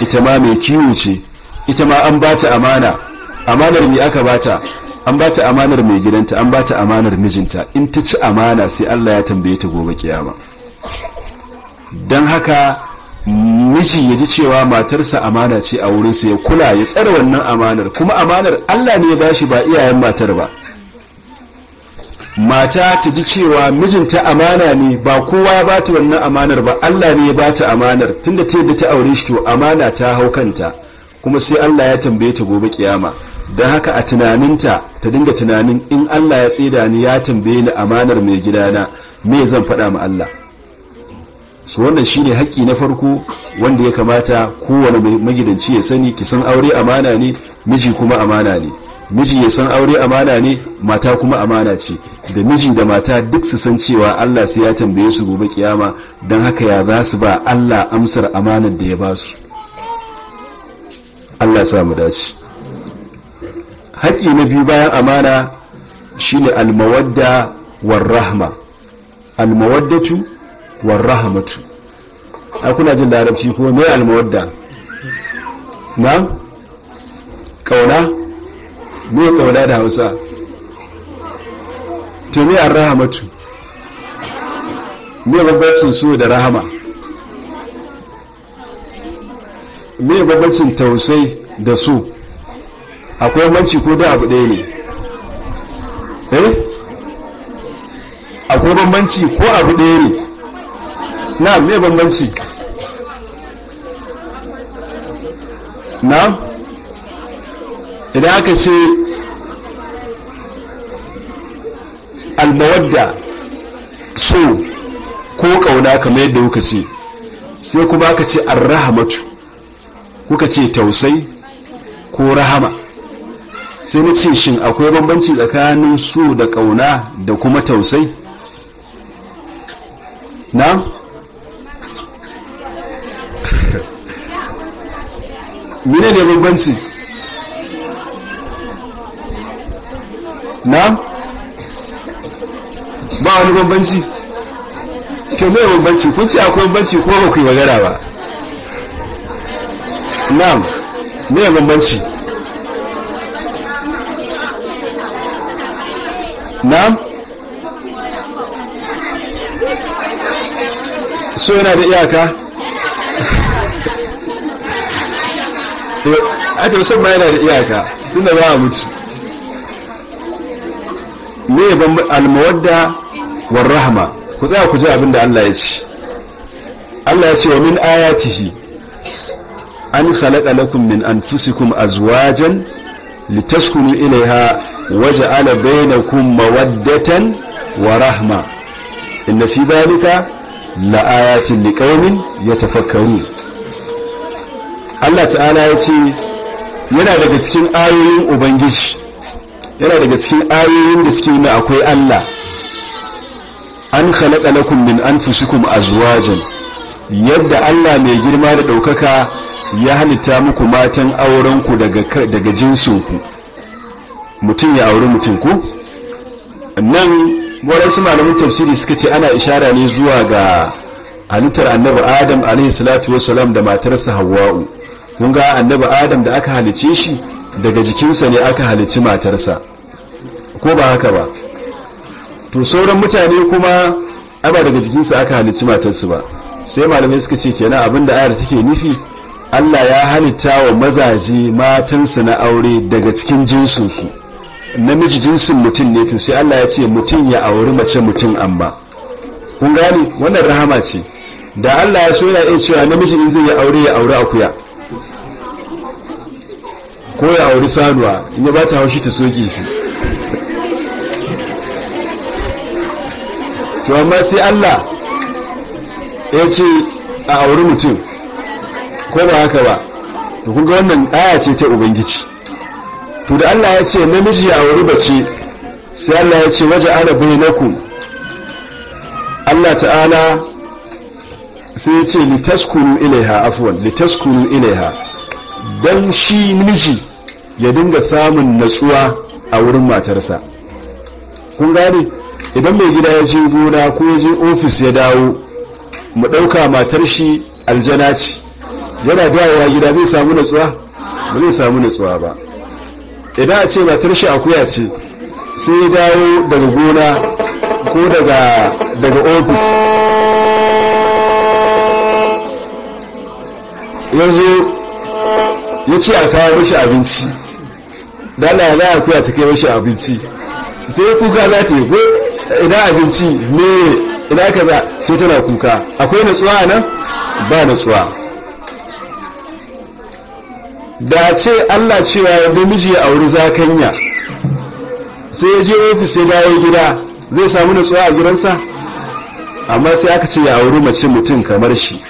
ita ma mai kiwo ce ita ma an bata amana amanar mi aka bata an bata amanar mai gidanta an bata amanar mijinta in ta ci amana sai Allah ya tambaye ta gobe kiyama dan haka miji ya ji cewa matarsa amana ce a wurin sa ya kula ya tsare wannan amanar kuma amanar Allah ne ya bashi ba iyayen matar ba mata ta ji cewa mijinta amana ne ba kowa ya bata wannan amanar ba Allah ne ya bata amanar tunda ta yadda ta aure shi to amana ta hau kanta kuma sai Allah ya tambaye ta gobe kiyama dan haka a tunaninta ta dinga tunanin in Allah ya tsida ni ya tambaye ni amanar mai gidana me zan faɗa ma Allah so wannan shine haƙƙi na farko wanda ya kamata kowane magidanci ya sani ki san aure amana ne miji kuma amana ne miji ya san aure amana ne mata kuma amana ce da miji da mata duk su san cewa Allah sai ya tambaye su gobe kiyama don haka ya za su ba Allah amsar amanar da ya ba su Allah sa mu dace haƙi na biyu bayan amana shine almawadda war rahma almawaddatu war a kuna jin larabci ko me almawadda na ƙauna. ne kauna da hausa to me an rahamatu me babbacin so da rahama me babbacin tausai da so akwai manci ko da abu ɗaya ne eh akwai bambanci ko abu ɗaya ne na me bambanci na idan aka ce almawadda so ko ƙauna kamar yadda kuka ce sai kuma aka ce arrahamatu kuka ce tausai ko rahama sai na ce shin akwai bambanci tsakanin so da ƙauna da kuma tausai na? mine ne bambanci na ba wani bambanci ke mai bambanci kun ce akwai bambanci ko ba ku yi magana ba na mai bambanci na so yana da iyaka ake eh, son ma yana da iyaka da za a mutu Ne ya bambu almawadda war rahma ku tsaya ku ji abin da Allah ya ce Allah ya ce wa min ayatihi an khalaqa lakum min anfusikum azwajan litaskunu ilaiha waja'ala bainakum mawaddatan wa rahma inna fi dhalika la'ayatin liqaumin yatafakkarun Allah ta'ala ya ce yana daga cikin ayoyin ubangiji yana daga cikin ayoyin da suke nuna akwai Allah an khalaqa lakum min anfusikum azwajan yadda Allah mai girma da ɗaukaka ya halitta muku matan aurenku daga daga ku. mutum ya auri mutum ku nan su malamin tafsiri suka ce ana ishara ne zuwa ga halittar annabi adam alaihi salatu wassalam da matarsa hawwa'u kun ga annabi adam da aka halice shi daga jikinsa ne aka halicci matarsa ko ba haka ba to sauran mutane kuma ba daga jikinsa aka halicci matarsu ba sai malamai suka ce kenan abinda ayar take nufi Allah ya halitta wa mazaje matansa na aure daga cikin jinsinsu namiji jinsin mutum ne to sai Allah ya ce mutum ya auri mace mutum amma kun gane wannan rahama ce da Allah ya so ya iya cewa namiji in zai ya aure ya aure akuya ko ya auri sanuwa inda ya ba ta haushi ta soke shi to amma sai Allah ya ce a auri mutum ko ba haka ba to kun wannan aya ce ta ubangici to da Allah ya ce namiji ya auri bace sai Allah ya ce waje ana bainakum Allah ta'ala sai ya ce litaskunu ilaiha afwan litaskunu ilaiha don shi miji ya dinga samun natsuwa a wurin matarsa kun gane idan mai gida ya je gona ko ya je ofis ya dawo mu ɗauka matar shi aljana ce yana dawowa gida zai samu natsuwa ba zai samu natsuwa ba idan a ce matar shi akuya ce sai ya dawo daga gona ko daga ofis yanzu ya ce a kawo mashi abinci da Allah za a kuwa ta kai mashi abinci sai kuka za ta yi ko idan abinci ne ka za sai tana kuka akwai natsuwa nan ba natsuwa da ce Allah cewa yadda miji ya auri zakanya sai ya je ofis ya dawo gida zai samu natsuwa a giransa amma sai aka ce ya auri mace mutum kamar shi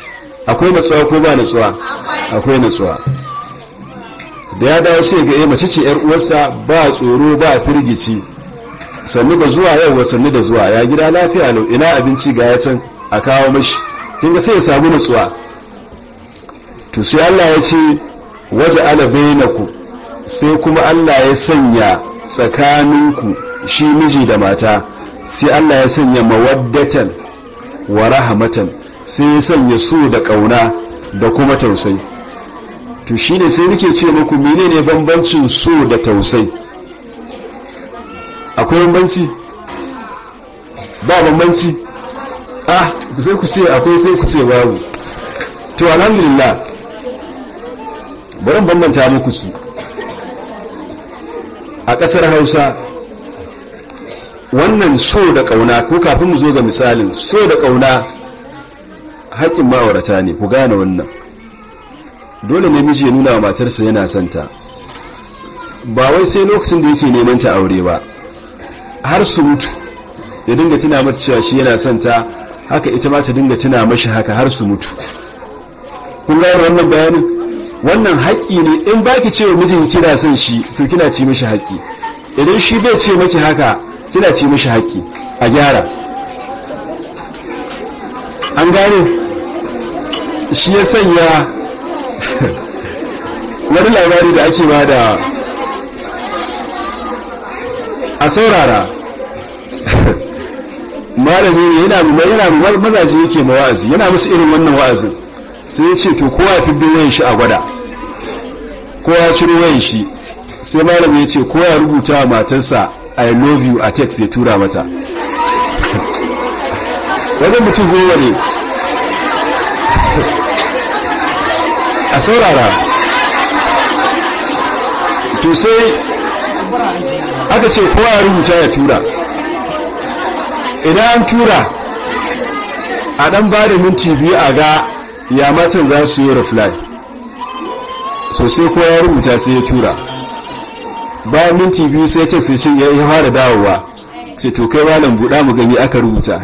akwai natsuwa ko ba natsuwa akwai natsuwa da ya dawo sai ga eh, mace ce yar uwarsa ba tsoro ba firgici sannu da zuwa yau sannu da zuwa ya gida lafiya lau ina abinci ga ya can a kawo mashi kin ga sai ya samu nutsuwa to sai Allah ya ce waje ala bainaku sai kuma Allah ya sanya tsakaninku shi miji da mata sai Allah ya sanya mawaddatan wa rahmatan sai ya sanya so da kauna da kuma tausayi to shi ne sai muke ce muku menene bambancin so da tausai akwai bambanci ba bambanci ah sai ku ce akwai sai ku ce babu to alhamdulillah bari bambanta muku su a ƙasar Hausa wannan so da ƙauna ko kafin mu zo ga misalin so da ƙauna haƙƙin ma'aurata ne ku gane wannan dole ne miji ya nuna wa matarsa yana santa ba wai sai lokacin da yake neman ta aure ba har su mutu ya dinga tuna mata cewa shi yana santa haka ita ma ta dinga tuna mashi haka har su mutu kun gane wannan bayanin wannan haƙƙi ne in baki ce wa mijin kina son shi to kina ci mishi haƙƙi idan shi bai ce maki haka kina ci mishi haƙƙi a gyara an gane shi ya sanya wani labari da ake ba da a saurara malami ne yana yana mazaje yake ma wa'azi yana musu irin wannan wa'azin sai ya ce to kowa fi bin wayan a gwada kowa ya ciro wayan shi sai malami ya ce kowa ya rubuta a matarsa i love you a text ya tura mata wajen mutum goma ne a saurara to sai aka ce kowa ya rubuta ya tura idan an tura a dan ba da minti biyu a ga ya matan za su yi reply so sai kowa ya rubuta sai ya tura bayan minti biyu sai tafishin ya yi fara dawowa sai to kai malam buɗa mu gani aka rubuta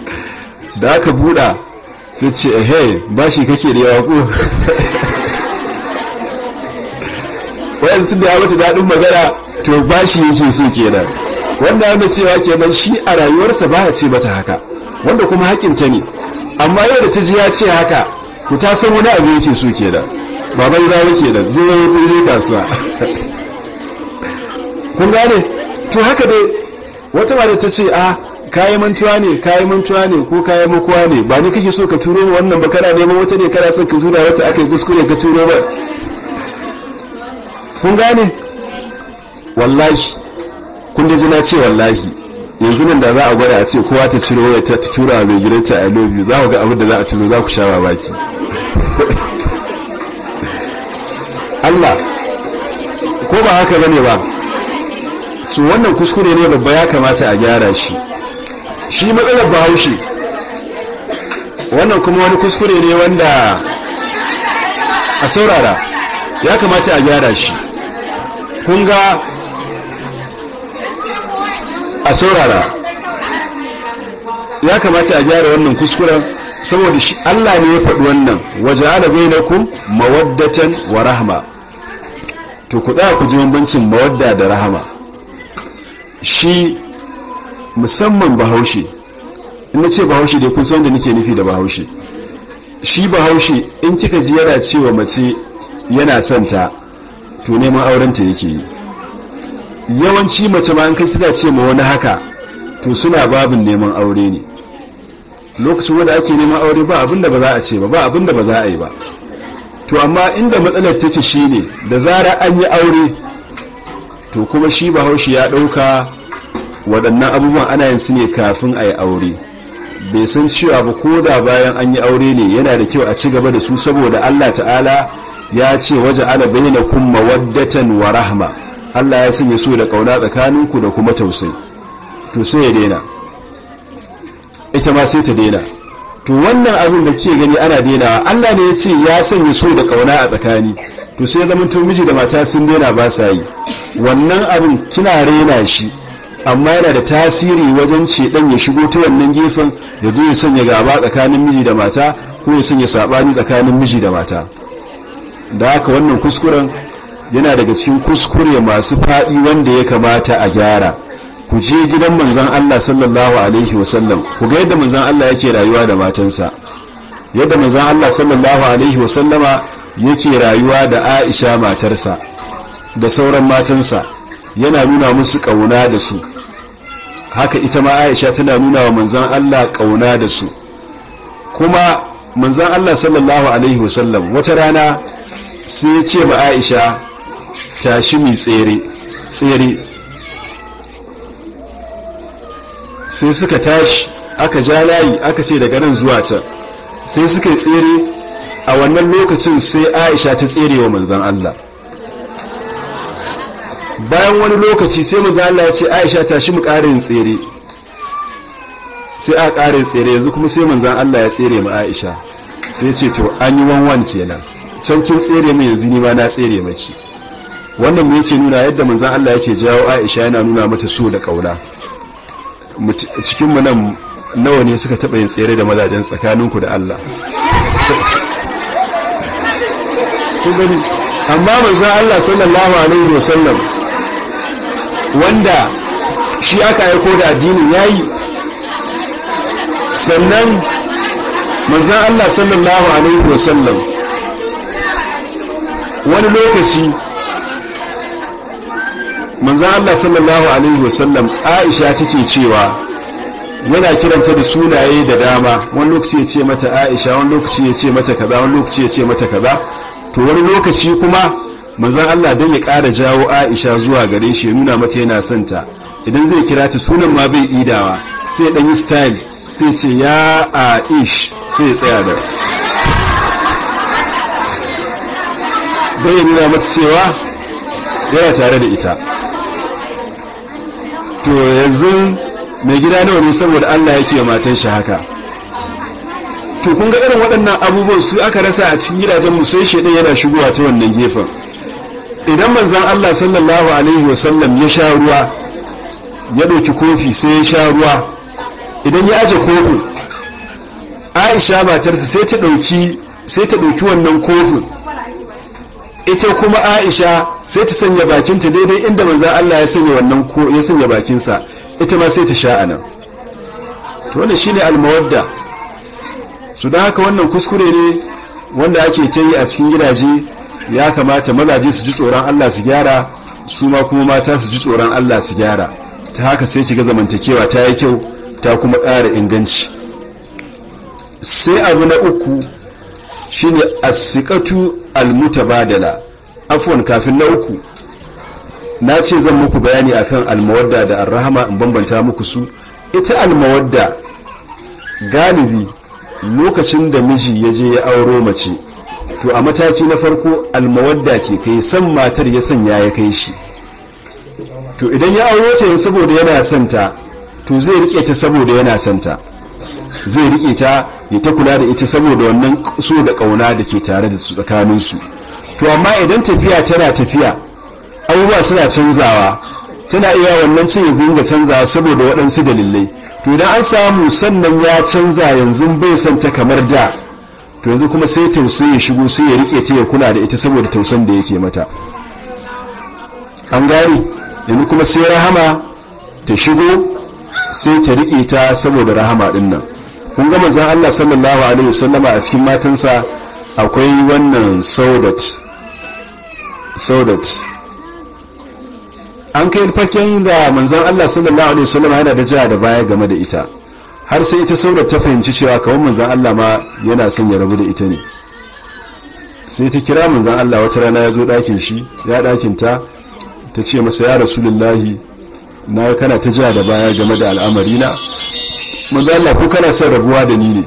da aka buɗa ta ce hey shi kake da yawa ko wanda tun da ya mata daɗin magana to ba bashi yake so kenan wanda wanda cewa kenan shi a rayuwarsa ba ya ce mata haka wanda kuma hakinta ne amma yau da ta ji ya ce haka ku ta san wani abu yake so kenan baban za da kenan zo zai kasuwa kun gane to haka dai wata mata ta ce a ah, kayi mantuwa ne kayi mantuwa ne ko kayi makuwa ne ba ni kake so ka turo wannan ba kana neman wata ne kana son ka tura wata aka yi kuskure ka turo ba kun gane wallahi kun da jina ce wallahi yanzu nan da za a gwada a ce kowa ta ciro waya ta tura mai gidanta a love za ku ga abin da za a ciro za ku sha babaki. Allah ko ba haka bane ba to wannan kuskure ne babba ya kamata a gyara shi shi matsalar bahaushe wannan kuma wani kuskure ne wanda a saurara ya kamata a gyara shi kun ga a saurara ya kamata a gyara wannan kuskuren saboda shi Allah ne ya faɗi wannan waje ala bainakum mawaddatan wa rahma to ku tsaya ku ji bambancin mawadda da rahama shi musamman bahaushe ina ce bahaushe da kun da nike nufi da bahaushe shi bahaushe in kika ji yana cewa mace yana son ta to neman auren ta yake yi yawanci mace ma an kai suna ce ma wani haka to suna babin neman aure ne lokacin wanda ake neman aure ba abin da ba za a ce ba ba abin da ba za a yi ba to amma inda matsalar take shine da zara an yi aure to kuma shi bahaushe ya ɗauka waɗannan abubuwan ana yin su ne kafin a yi aure bai san cewa ba ko da bayan an yi aure ne yana da kyau a ci gaba da su saboda Allah ta'ala ya ce waje ala na kun mawaddatan wa rahma Allah ya sanya so da ƙauna tsakaninku da kuma tausayi to sai ya daina ita ma sai ta daina to wannan abin da ke gani ana daina Allah ne ya ce ya sanya so da ƙauna a tsakani to sai ya zama to miji da mata sun daina ba sa yi wannan abin kina rena shi amma yana da tasiri wajen ce dan ya shigo ta wannan gefen da zai sanya gaba tsakanin miji da mata ko ya sanya saɓani tsakanin miji da mata da haka wannan kuskuren yana daga cikin kuskure masu faɗi wanda ya kamata a gyara ku je gidan manzon Allah sallallahu alaihi wasallam ku ga yadda manzon Allah yake rayuwa da matansa yadda manzon Allah sallallahu alaihi wasallama yake rayuwa da Aisha matarsa da sauran matansa yana nuna musu kauna da su haka ita ma aisha tana nuna wa manzan Allah ƙauna da su kuma manzan Allah sallallahu alaihi wasallam wata rana sai ya ce ma aisha tashi mai tsere tsere sai suka tashi aka ja layi aka ce daga nan zuwa can sai suka tsere a wannan lokacin sai aisha ta tsere wa manzan Allah bayan wani lokaci sai mu Allah ya ce Aisha tashi mu karin tsere sai a karin tsere yanzu kuma sai manzan Allah ya tsere mu Aisha sai ce to an yi wanwan kenan can kin tsere mu yanzu ni ma na tsere maki wannan mai ce nuna yadda manzan Allah yake jawo Aisha yana nuna mata so da kauna cikin mu nan nawa ne suka taba yin tsere da mazajen tsakaninku da Allah amma manzan Allah sallallahu alaihi wasallam wanda shi aka aiko da addinin yi sannan manzan Allah sallallahu alaihi wasallam wani lokaci manzan Allah sallallahu alaihi wasallam Aisha take cewa yana kiranta da sunaye da dama wani lokaci ya ce mata Aisha wani lokaci ya ce mata kaza wani lokaci ya ce mata kaza to wani lokaci kuma manzan Allah dan ya ƙara jawo Aisha zuwa gare shi ya nuna mata yana son ta idan zai kira ta sunan ma bai idawa sai dan yi style sai ce ya Aish sai tsaya da bai nuna mata cewa yana tare da ita to yanzu mai gida nawa ne saboda Allah yake matan shi haka to kun ga irin waɗannan abubuwan su aka rasa a cikin gidajen mu shedan yana shigowa ta wannan gefen idan manzon Allah sallallahu alaihi wasallam ya sha ruwa ya ɗauki kofi sai ya sha ruwa idan ya aje kofi Aisha matarsa sai ta ɗauki sai ta ɗauki wannan kofin ita kuma Aisha sai ta sanya bakinta daidai inda manzon Allah ya sanya wannan ko ya sanya bakinsa ita ma sai ta sha anan to wannan shine almawadda su da haka wannan kuskure ne wanda ake ta yi a cikin gidaje ya kamata mazaje su ji tsoron Allah su gyara su ma kuma mata su ji tsoron Allah su gyara ta haka sai kiga zamantakewa ta yi kyau ta kuma ƙara inganci sai abu na uku shine as almutabadala al-mutabadala afwan kafin na uku na ce zan muku bayani akan almawadda da arrahama in bambanta muku su ita almawadda galibi lokacin da miji ya je ya auro mace to a mataci na farko almawadda ke kai san matar ya sanya ya kai shi to idan ya auro ta saboda yana son ta to zai rike ta saboda yana son ta zai rike ta ya ta kula da ita saboda wannan so da kauna da ke tare da tsakanin su to amma idan tafiya tana tafiya abubuwa suna canzawa tana iya wannan cin yanzu da canzawa saboda waɗansu dalilai to idan an samu sannan ya canza yanzu bai son ta kamar da to yanzu kuma sai tausayi ya shigo sai ya rike ta ya kula da ita saboda tausan da yake mata an gari yanzu kuma sai rahama ta shigo sai ta rike ta saboda rahama din nan kun ga manzon Allah sallallahu alaihi wasallama a cikin matansa akwai wannan saudat saudat an kai fakin da manzon Allah sallallahu alaihi wasallama yana da jiya da baya game da ita har sai ita saura ta fahimci cewa kawai manzan Allah ma yana son ya rabu da ita ne sai ta kira manzan Allah wata rana ya zo ɗakin shi ya ɗakin ta ta ce masa ya rasulullahi na kana ta jira da baya game da al'amari na manzan Allah ko kana son rabuwa da ni ne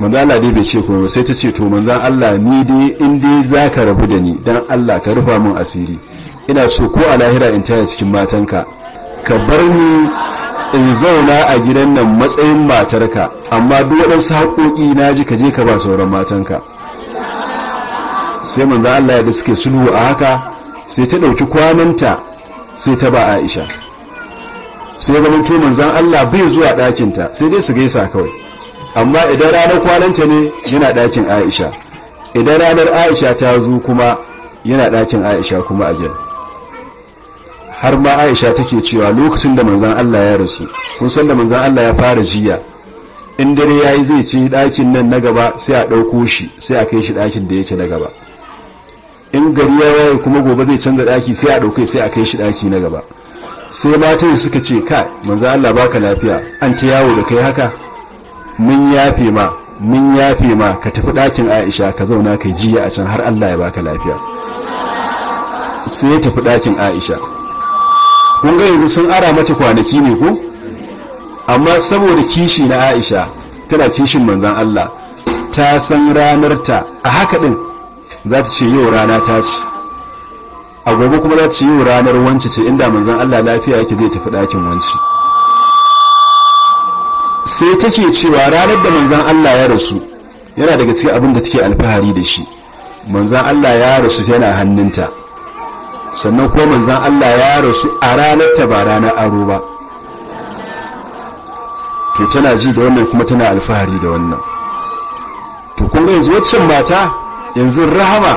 manzan Allah dai bai ce kuma sai ta ce to manzan Allah ni dai in dai za ka rabu da ni dan Allah ka rufa min asiri ina so ko a lahira in taya cikin matanka ka bar ni in zauna a gidan nan matsayin matarka amma duk waɗansu haƙoƙi na ji ka je ka ba sauran matanka sai manzo Allah da suke sulhu a haka sai ta ɗauki kwananta sai ta ba Aisha sai zama to manzon Allah bai zuwa ɗakinta sai dai su gaisa kawai amma idan ranar kwananta ne yana ɗakin Aisha idan ranar Aisha ta zo kuma yana ɗakin Aisha kuma a gidan har ma aisha take cewa lokacin da manzan Allah ya rasu kun san da manzan Allah ya fara jiya in dare yayi zai ci dakin nan na gaba sai a dauko shi sai a kai shi dakin da yake na gaba in gari ya waye kuma gobe zai canza daki sai a dauke sai a kai shi daki na gaba sai matan suka ce ka manzan Allah baka lafiya an ta yawo da kai haka mun yafe ma mun yafe ma ka tafi dakin Aisha ka zauna kai jiya a can har Allah ya baka lafiya sai ya tafi dakin Aisha kun ga yanzu sun ara mata kwanaki ne ko amma saboda kishi na Aisha tana kishin manzon Allah ta san ranar ta a haka din za ta ce yau rana ta ce a gobe kuma za ta ce yau ranar wanci ce inda manzon Allah lafiya yake zai tafi ɗakin wanci sai take cewa ranar da manzon Allah ya rasu yana daga cikin abin da take alfahari da shi manzon Allah ya rasu yana hannunta sannan ko manzan Allah ya rasu a ranar ta ba ranar aro ba ke tana ji da wannan kuma tana alfahari da wannan to kun ga yanzu waccan mata yanzu rahama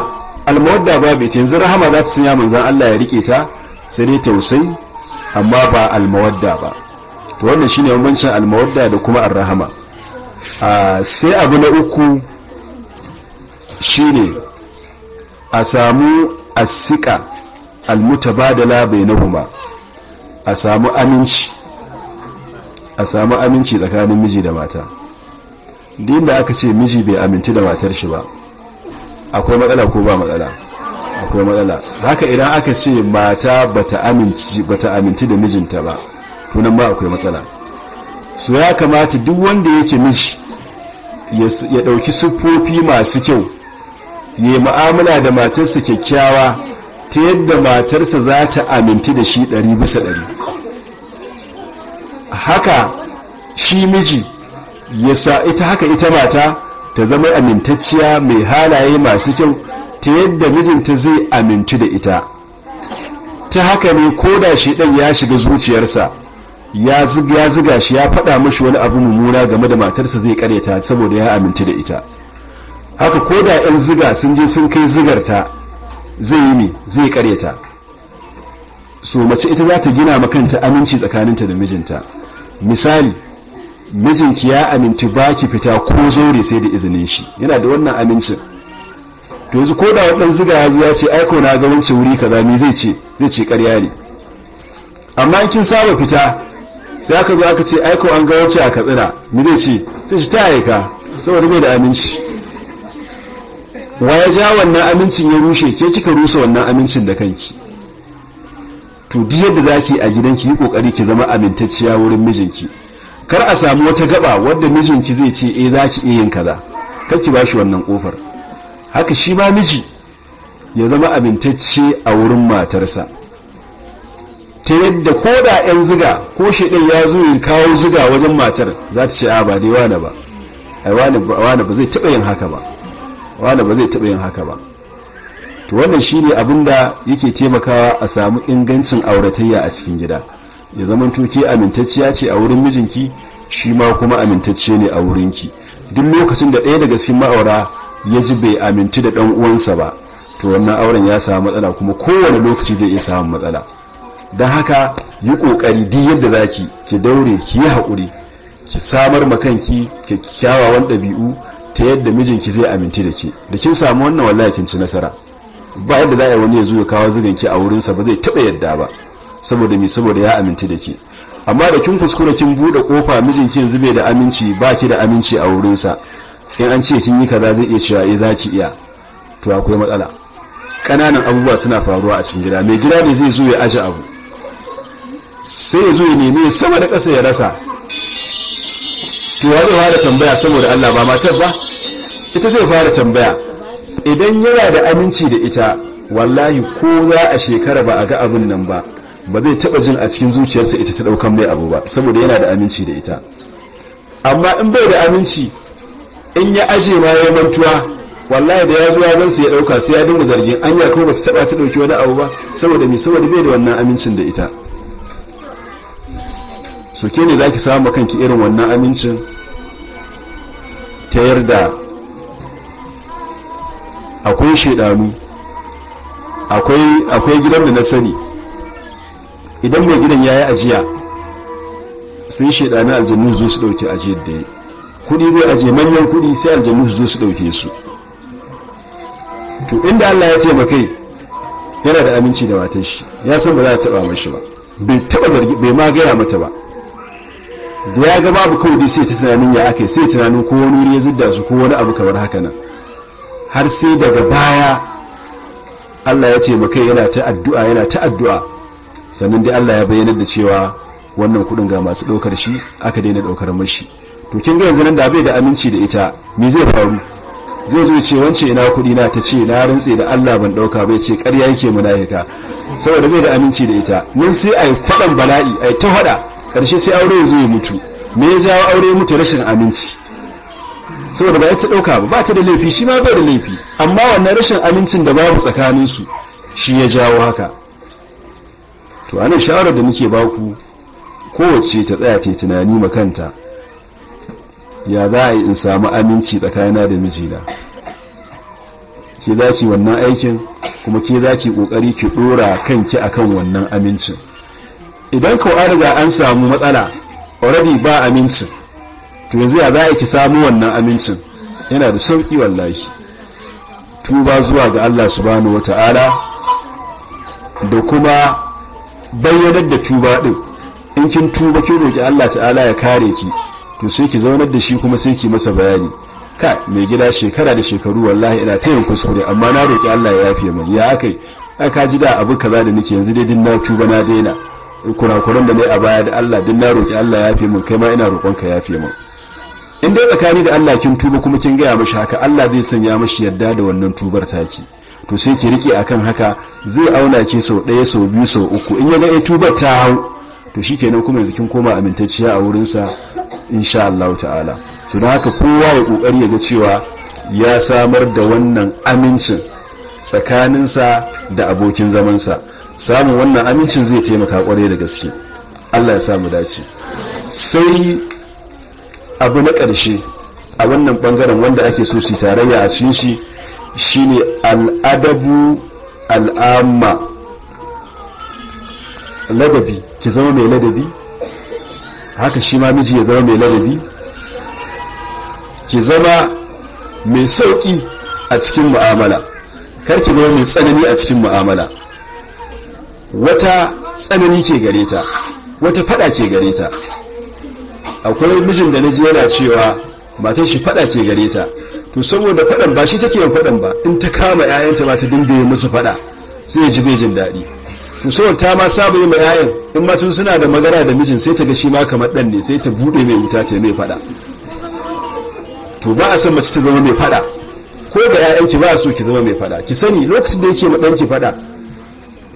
almawadda bai ta yanzu rahama za ta sanya manzan Allah ya rike ta sai dai tausayi amma ba almawadda ba to wannan shine bambancin almawadda da kuma al-rahama. sai abu na uku shine a samu asika almutabadala bainahuma a samu aminci a samu aminci tsakanin miji da mata din da aka ce miji bai aminci da matar shi ba akwai matsala ko ba matsala akwai matsala haka idan aka ce mata bata aminci bata aminci da mijinta ba to nan ba akwai matsala so ya kamata duk wanda yake miji ya dauki siffofi masu kyau yayi mu'amala da matarsa kyakkyawa ta yadda matarsa za ta aminti da shi ɗari bisa ɗari haka shi miji ya sa ita haka ita mata ta zama amintacciya mai halaye masu kyau ta yadda mijinta zai aminti da ita ta haka ne ko da shi ɗan ya shiga zuciyarsa ya ziga shi ya faɗa mashi wani abu mummuna game da matarsa zai karyata saboda ya aminti da ita haka ko da 'yan ziga sun je sun kai zigarta zai yi mai zai karyata so mace ita za ta gina makanta aminci tsakaninta da mijinta misali mijinki ya aminci ki fita ko zaure sai da izinin shi yana da wannan amincin to yanzu ko da waɗanda zuga ya zuwa ce aiko na ga wancan wuri ka zami zai ce zai ce karya ne amma in kin saba fita sai aka zo aka ce aiko an ga wancan a katsina ni zai ce sai shi ta aika saboda bai da aminci wa ya ja wannan amincin ya rushe ke kika rusa wannan amincin da kanki to duk yadda zaki a gidanki yi kokari ki zama amintacciya wurin mijinki kar a samu wata gaba wadda mijinki zai ce eh zaki iya yin kaza kar ki bashi wannan kofar haka shi ma miji ya zama amintacce a wurin matarsa ta yadda ko da yan ziga ko shi din ya zo ya kawo ziga wajen matar za ta ce a ah, ba dai wani ba a wani ba zai taɓa yin haka ba wanda ba zai taɓa yin haka ba to wannan shi ne abin da yake taimakawa a samu ingancin auratayya a cikin gida ya zamanto ke amintacciya ce a wurin mijinki shi ma kuma amintacce ne a wurinki duk lokacin da ɗaya daga cikin ma'aura ya ji bai aminti da ɗan uwansa ba to wannan auren ya samu matsala kuma kowane lokaci zai iya samun matsala don haka yi ƙoƙari duk yadda za ki ki daure ki yi haƙuri ki samar ma kanki kyakkyawan ɗabi'u ta yadda mijinki zai aminci da ke da kin samu wannan wallahi ci nasara ba yadda za a yi wani ya zo ya kawo zuganki a wurinsa ba zai taɓa yadda ba saboda mi saboda ya aminci da ke amma da kin kuskure kin bude kofa mijinki yanzu bai da aminci ba ki da aminci a wurinsa in an ce kin yi kaza zai iya cewa eh za ki iya to akwai matsala ƙananan abubuwa suna faruwa a cikin gida mai gida ne zai zo ya aje abu sai ya zo ya neme sama da ƙasa ya rasa to ya zai fara tambaya saboda Allah ba matar ba ita zai fara tambaya idan yana da aminci da ita wallahi ko za a shekara ba a ga abin nan ba ba zai taba jin a cikin zuciyarsa ita ta daukan mai abu ba saboda yana da aminci da ita amma in bai da aminci in ya aje ma ya mantuwa wallahi da ya zo ya gansa ya dauka sai ya dinga zargin anya ko ba ta taba ta dauki wani abu ba saboda me saboda bai da wannan amincin da ita so ke ne za ki samu kanki irin wannan amincin ta yarda akwai shaidanu akwai gidan da na sani idan mai gidan ya yi ajiya sun shaidanu aljannu zo su dauke ajiyar da ya kudi zai ajiye manyan kudi sai aljannu zo su dauke su to inda Allah ya taimakai yana da aminci da watan shi ya san ba za ta taba mashi ba bai taba zargi bai ma gaya mata ba da ya ga babu kawai sai ta tunanin ya ake sai tunanin ko wani wuri ya zidda su ko wani abu kamar haka nan har sai daga baya Allah ya ce makai yana ta addu'a yana ta addu'a sannan dai Allah ya bayyana da cewa wannan kudin ga masu daukar shi aka daina daukar mashi to kin ga yanzu nan da bai da aminci da ita me zai faru zai zo ce wance ina kudi na ta ce na rantse da Allah ban dauka bai ce ƙarya yake munafika saboda bai da aminci da ita mun sai ai fadan bala'i ai ta hada karshe sai aure zai mutu me ya jawo aure ya mutu rashin aminci saboda ba ya ta ɗauka ba ta da laifi shi ma bai da laifi amma wannan rashin amincin da babu tsakanin su shi ya jawo haka to anan shawarar da muke baku kowace ta tsaya ta tunani makanta ya za a yi in samu aminci tsakanina da mijina ke za ki wannan aikin kuma ke za ki ƙoƙari ki ɗora kanki akan wannan amincin idan ko an riga an samu matsala already ba aminci to yanzu ya za ki samu wannan amincin yana da sauki wallahi tuba zuwa ga Allah subhanahu wata'ala da kuma bayyanar da tuba din in kin tuba kin roki Allah ta'ala ya kare ki to sai ki zaunar da shi kuma sai ki masa bayani ka mai gida shekara da shekaru wallahi ina tayin kuskure amma na roki Allah ya yafe min ya akai ka ji da abu kaza da nake yanzu dai din na tuba na daina kurakuran da ne a baya da Allah duk na roƙi Allah ya fi mu kai ma ina roƙon ka ya fi mun in dai tsakani da Allah kin tuba kuma kin gaya mishi haka Allah zai sanya mishi yadda da wannan tubar taki to sai ki rike akan haka zai auna ki sau ɗaya sau biyu sau uku in ya ga ai eh, tubar ta hau to shikenan kuma yanzu kin koma amintacciya a wurin sa insha Allah ta'ala to dan haka kowa ya kokari ya ga cewa ya samar da wannan amincin tsakaninsa da abokin zaman sa samun wannan amincin zai taimaka kware da gaske Allah ya samu dace sai abu na ƙarshe a wannan ɓangaren wanda ake so su tarayya a cikin shi shine al'adabu al'amma ladabi ki zama mai ladabi haka shi ma miji ya zama mai ladabi ki zama mai sauƙi a cikin mu'amala kar ki zama mai tsanani a cikin mu'amala wata tsanani ce gare ta wata fada ce gare ta akwai mijin da naji yana cewa matan shi fada ce gare ta to saboda fadan ba shi take yin fadan ba in ta kama yayanta ba ta dinga yin musu fada sai ji bai jin daɗi to saboda ta ma saba yi ma yayan in ma tun suna da magana da mijin sai ta ga shi ma kamar dan ne sai ta bude mai wuta ta mai fada to ba a san mace ta zama mai fada ko ga yayanki ba su so ki zama mai fada ki sani lokacin da yake ma danki fada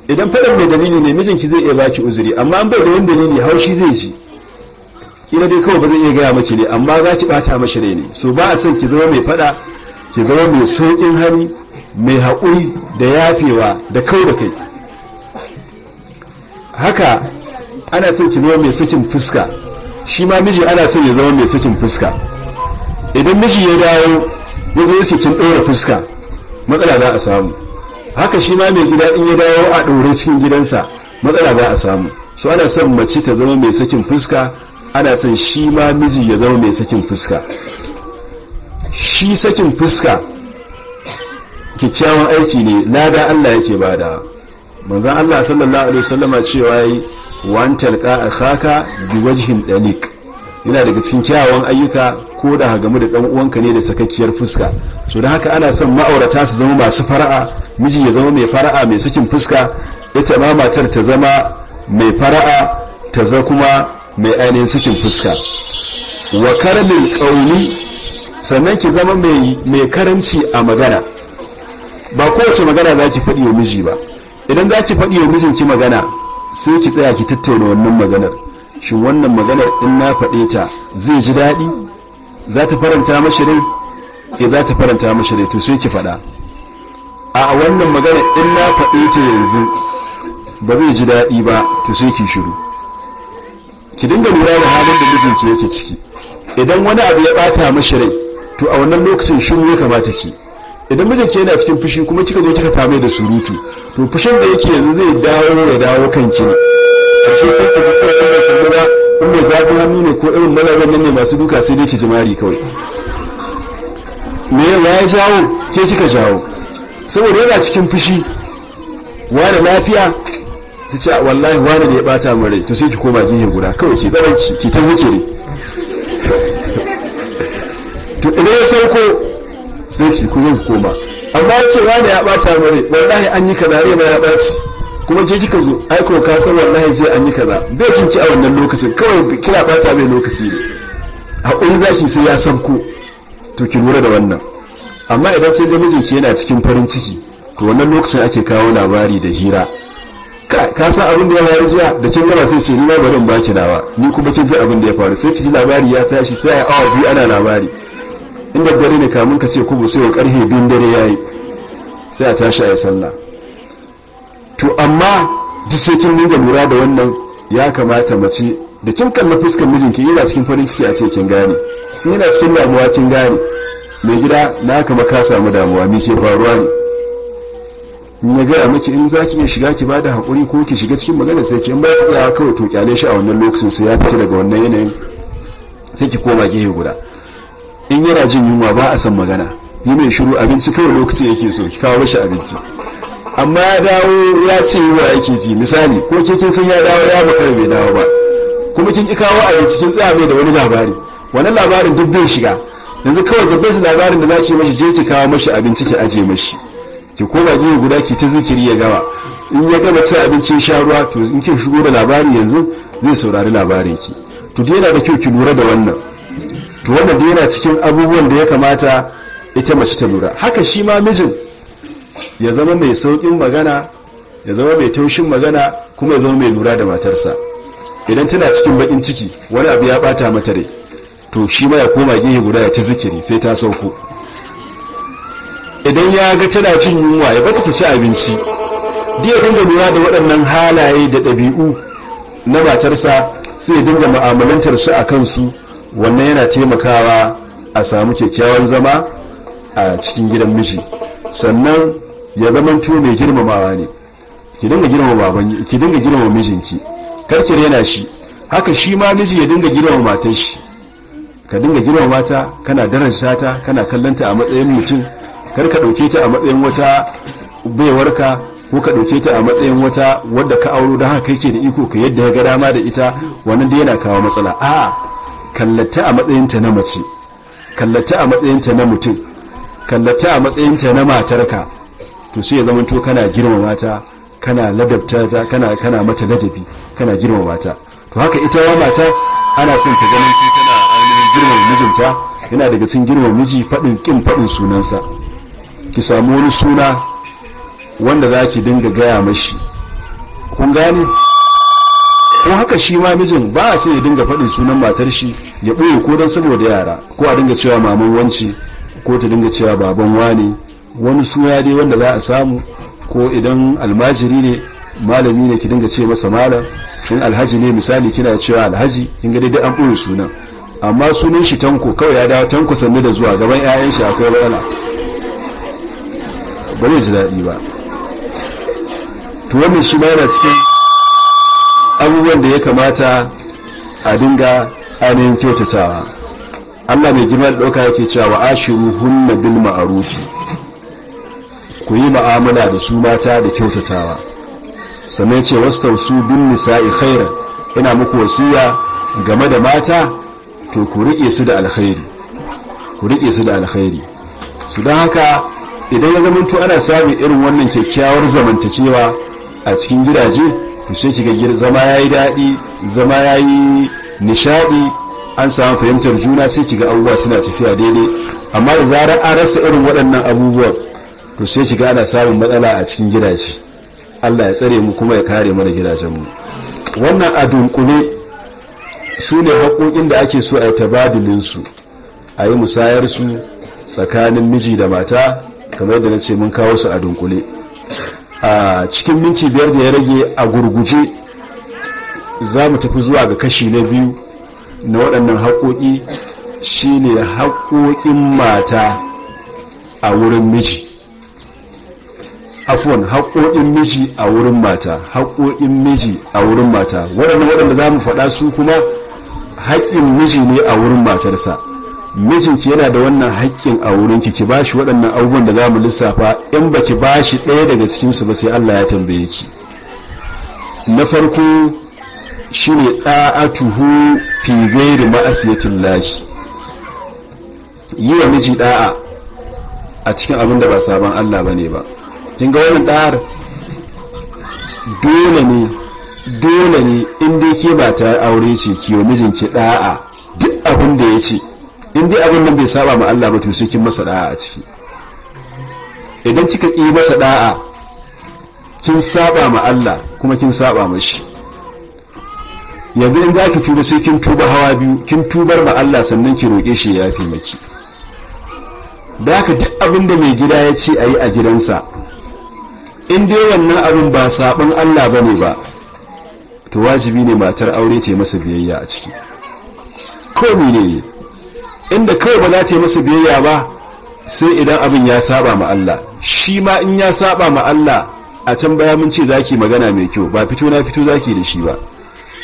idan faɗan mai dalili ne mijinki zai iya baki uzuri amma an bai da wani dalili haushi zai ji kila dai kawai ba zai iya gaya mace ne amma za ki bata mashi rai ne so ba a son ki zama mai faɗa ki zama mai sauƙin hali mai hakuri da yafewa da kawai da kai haka ana son ki zama mai sakin fuska shi ma miji ana son ya zama mai sakin fuska idan miji ya dawo ya zo kin ɗora fuska matsala za a samu haka shi ma mai gida in ya dawo a ɗore cikin gidansa matsala ba a samu so ana son mace ta zama mai sakin fuska ana son shi ma miji ya zama mai sakin fuska shi sakin fuska kyakkyawan aiki ne lada Allah yake bada manzon Allah sallallahu alaihi wasallama cewa yi wan talqa akhaka biwajhin dalik yana daga cikin kyawawan ayyuka ko da hagamu da dan uwanka ne da sakakkiyar fuska so da haka ana son ma'aurata su zama masu fara'a miji ya zama mai fara'a mai sakin fuska ita ma matar ta zama mai fara'a ta zama kuma mai ainihin sakin fuska wa karamin ƙauni sannan ki zama mai karanci a magana ba kowace magana za ki faɗi wa miji ba idan za ki faɗi wa mijinki magana sai ki tsaya ki tattauna wannan maganar shin wannan maganar in na faɗe ta zai ji daɗi za ta faranta mashi rai ke eh, za ta faranta mashi rai to sai ki faɗa a wannan magana in na faɗe ta yanzu ba zai ji daɗi ba to sai ki shiru ki dinga lura da halin da mijinki yake ciki idan wani abu ya bata mashi rai to a wannan lokacin shiru ya kamata ki idan mijinki yana cikin fushi kuma kika zo kika tame da surutu to fushin da yake yanzu zai dawo ya dawo kanki ne ashe sai ki fito da shugaba in mai zafin hannu ne ko irin malaran nan ne masu duka sai dai ki jimari kawai me ya jawo ke kika jawo saboda yana cikin fushi wani lafiya su ce wallahi wani ne ya bata mare to sai ki koma jihin guda kawai ki zama ki ta zikiri to idan ya sauko sai ki ku zai koma amma ce wani ya bata mare wallahi an yi kaza rai ya bata kuma je kika zo ai ko ka san wallahi je an yi kaza bai kin ci a wannan lokacin kawai kira bata mai lokaci ne za zaki sai ya sauko to ki lura da wannan amma idan sai ga mijinki yana cikin farin ciki to wannan lokacin ake kawo labari da hira ka san abin da ya faru jiya da kin gama sai ce ni ma bari in baki dawa ni kuma kin ji abin da ya faru sai ki ji labari ya tashi sai a awa biyu ana labari inda dare ne kamun ka ce kubu sai wa karfe biyun dare yayi sai a tashi a yi sallah to amma duk sai kin dinga lura da wannan ya kamata mace da kin kalla fuskar mijinki yana cikin farin ciki a ce kin gane yana cikin damuwa kin gane mai gida na kama ka samu damuwa mai ke faruwa ne ya gaya maki in za ki iya shiga ki ba da haƙuri ko ki shiga cikin magana sai ki in bai tsaya kawai to kyale shi a wannan lokacin sai ya fita daga wannan yanayin sai ki koma gehe guda in yana jin yunwa ba a san magana yi mai shiru abinci kawai lokacin yake so ki kawo rashin abinci amma ya dawo ya ce wa yake ji misali ko ke kin san ya dawo ya baka bai dawo ba kuma kin ki kawo abinci kin tsaya da wani labari wannan labarin duk bai shiga yanzu kawai babban su labarin da zaki mashi je ki kawo mashi abinci ki aje mashi ki koma gefe guda ki ta zikiri ya gama in ya gama cin abincin sha ruwa to in kin shigo da labari yanzu zai saurari labarin ki to yana da kyau ki lura da wannan to wannan da yana cikin abubuwan da ya kamata ita mace ta lura haka shi ma mijin ya zama mai saukin magana ya zama mai taushin magana kuma ya zama mai lura da matarsa idan tana cikin bakin ciki wani abu ya bata mata rai to shi ma ya koma gehe guda ya ci zikiri sai ta sauko idan ya ga tana cin yunwa ya bata ta ci abinci diya dinga lura da waɗannan halaye da ɗabi'u na matarsa sai dinga mu'amalantar su a kansu wannan yana taimakawa a samu kyakkyawan zama a cikin gidan miji sannan ya zama tuwo mai girmamawa ne ki dinga girmama baban ki dinga girmama mijinki karki rena shi haka shi ma miji ya dinga girmama matar shi ka dinga girmama ta kana daraja ta kana kallanta a matsayin mutum kar ka dauke ta a matsayin wata baiwarka ko ka dauke ta a matsayin wata wadda ka auro don haka kake da iko ka yadda ya ga dama da ita wannan da yana kawo matsala a kallata a matsayin ta na mace kallata a matsayin ta na mutum kallata a matsayin ta na matarka to sai ya zamanto kana girmama ta kana ladabta ta kana kana mata ladabi kana girmama ta to haka ita wa mata ana son ta ganin ta girmama mijinta yana daga cikin girmama miji faɗin ƙin faɗin sunansa ki samu wani suna wanda za ki dinga gaya mashi kun gane ko haka shi ma mijin ba a sai ya dinga faɗin sunan matar shi ya ɓoye ko don saboda yara ko a dinga cewa maman wanci ko ta dinga cewa baban wani wani suna dai wanda za a samu ko idan almajiri ne malami ne ki dinga ce masa malam in alhaji ne misali kina cewa alhaji kin ga dai an ɓoye sunan amma sunan shi tanko kawai ya dawo tanko sannu da zuwa gaban 'ya'yan shi akwai matsala ba zai ji daɗi ba to wannan shi ma yana cikin abubuwan da ya kamata a dinga ainihin kyautatawa Allah mai girma da ɗauka yake cewa wa ashiru hunna bil ma'arufi ku yi ma'amala da su mata da kyautatawa sannan ce wasu bin nisa'i khairan ina muku wasiya game da mata to ku riƙe su da alkhairi ku riƙe su da alkhairi su don haka idan ya zama to ana samun irin wannan kyakkyawar zamantakewa a cikin gidaje to sai kiga zama yayi daɗi zama yayi nishaɗi an samu fahimtar juna sai kiga abubuwa suna tafiya daidai amma da zarar an rasa irin waɗannan abubuwan to sai kiga ana samun matsala a cikin gidaje Allah ya tsare mu kuma ya kare mu da mu wannan a dunkule su ne haƙoƙin da ake so a yi tabadilinsu a yi su tsakanin miji da mata kamar da na ce mun kawo su a dunkule a cikin minti biyar da ya rage a gurguje za mu tafi zuwa ga kashi na biyu na waɗannan haƙoƙi shi ne haƙoƙin mata a wurin miji afon haƙoƙin miji a wurin mata haƙoƙin miji a wurin mata waɗanda za mu faɗa su kuma haƙƙin miji ne a wurin matarsa mijinki yana da wannan haƙƙin a wurinki ki bashi waɗannan abubuwan da za mu lissafa in ba ki bashi ɗaya daga su ba sai Allah ya tambaye ki na farko shi ne ɗa'atuhu fi gairi ma'asiyatin lashi yi wa miji ɗa'a a cikin abin da ba sabon Allah ba ne ba kin ga wannan ɗa'ar dole ne dole ne inda ke ba ta aure ce ki wa mijinki da'a duk abin da ya ce in dai abin nan bai saba ma Allah ba to sai kin masa da'a a ciki idan kika yi masa da'a kin saba ma Allah kuma kin saba mashi yanzu in za ki tuba sai kin tuba hawa biyu kin tubar ma Allah sannan ki roƙe shi ya fi maki da haka duk abin da mai gida ya ce a yi a gidansa in dai wannan abin ba saɓin Allah ba ne ba to wajibi ne matar aure ta masa biyayya a ciki ko ne inda kawai ba za ta yi masa biyayya ba sai idan abin ya saba ma Allah shi ma in ya saba ma Allah a can baya mun ce zaki magana mai kyau ba fito na fito zaki da shi ba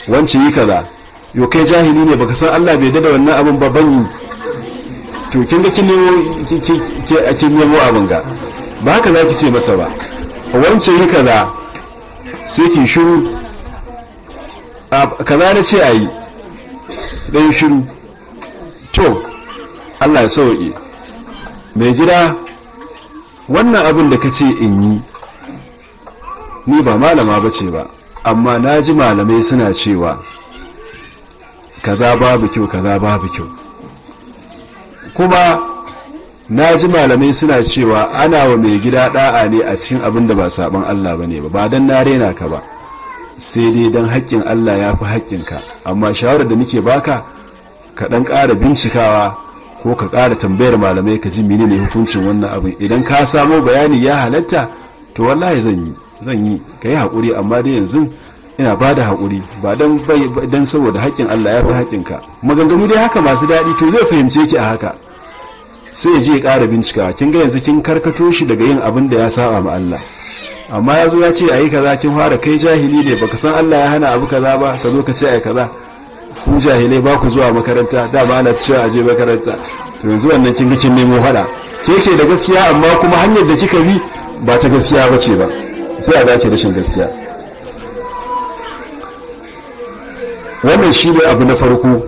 wance yi kaza yo kai jahili ne baka san Allah bai dada wannan abin ba ban to kin ga kin nemo kin nemo abin ga ba haka zaki ce masa ba wance yi kaza sai ki shiru kaza na ce a yi ɗan shiru to allah ya sauƙi mai gida wannan abin da ka ce in yi ni ba malama ba ce ba amma na ji malamai suna cewa kaza babu kyau kaza babu kyau kuma na ji malamai suna cewa ana wa mai gida ɗa'a ne a cikin abin da ba sabon Allah ba ne ba ba don na rena ka ba sai dai don haƙƙin Allah ya fi haƙƙinka amma shawarar da nake baka ka ɗan ƙara bincikawa ko ka ƙara tambayar malamai ka ji mini menene hukuncin wannan abin idan ka samo bayani ya halatta to wallahi zan yi zan yi ka yi haƙuri amma dai yanzu ina ba da haƙuri ba don saboda haƙƙin Allah ya fi haƙƙinka maganganu dai haka masu daɗi to zai fahimce ki a haka sai ya je ya ƙara bincikawa kin ga yanzu kin karkato shi daga yin abin da ya saba ma Allah amma ya zo ya ce ayi kaza kin fara kai jahili ne baka san Allah ya hana abu kaza ba ka zo ka ce ayi kaza ku jahilai ba ku zuwa makaranta da ba ana cewa aje makaranta to yanzu wannan kin gikin nemo hada ke ke da gaskiya amma kuma hanyar da kika bi ba ta gaskiya bace ba sai a dace rashin gaskiya wannan shi ne abu na farko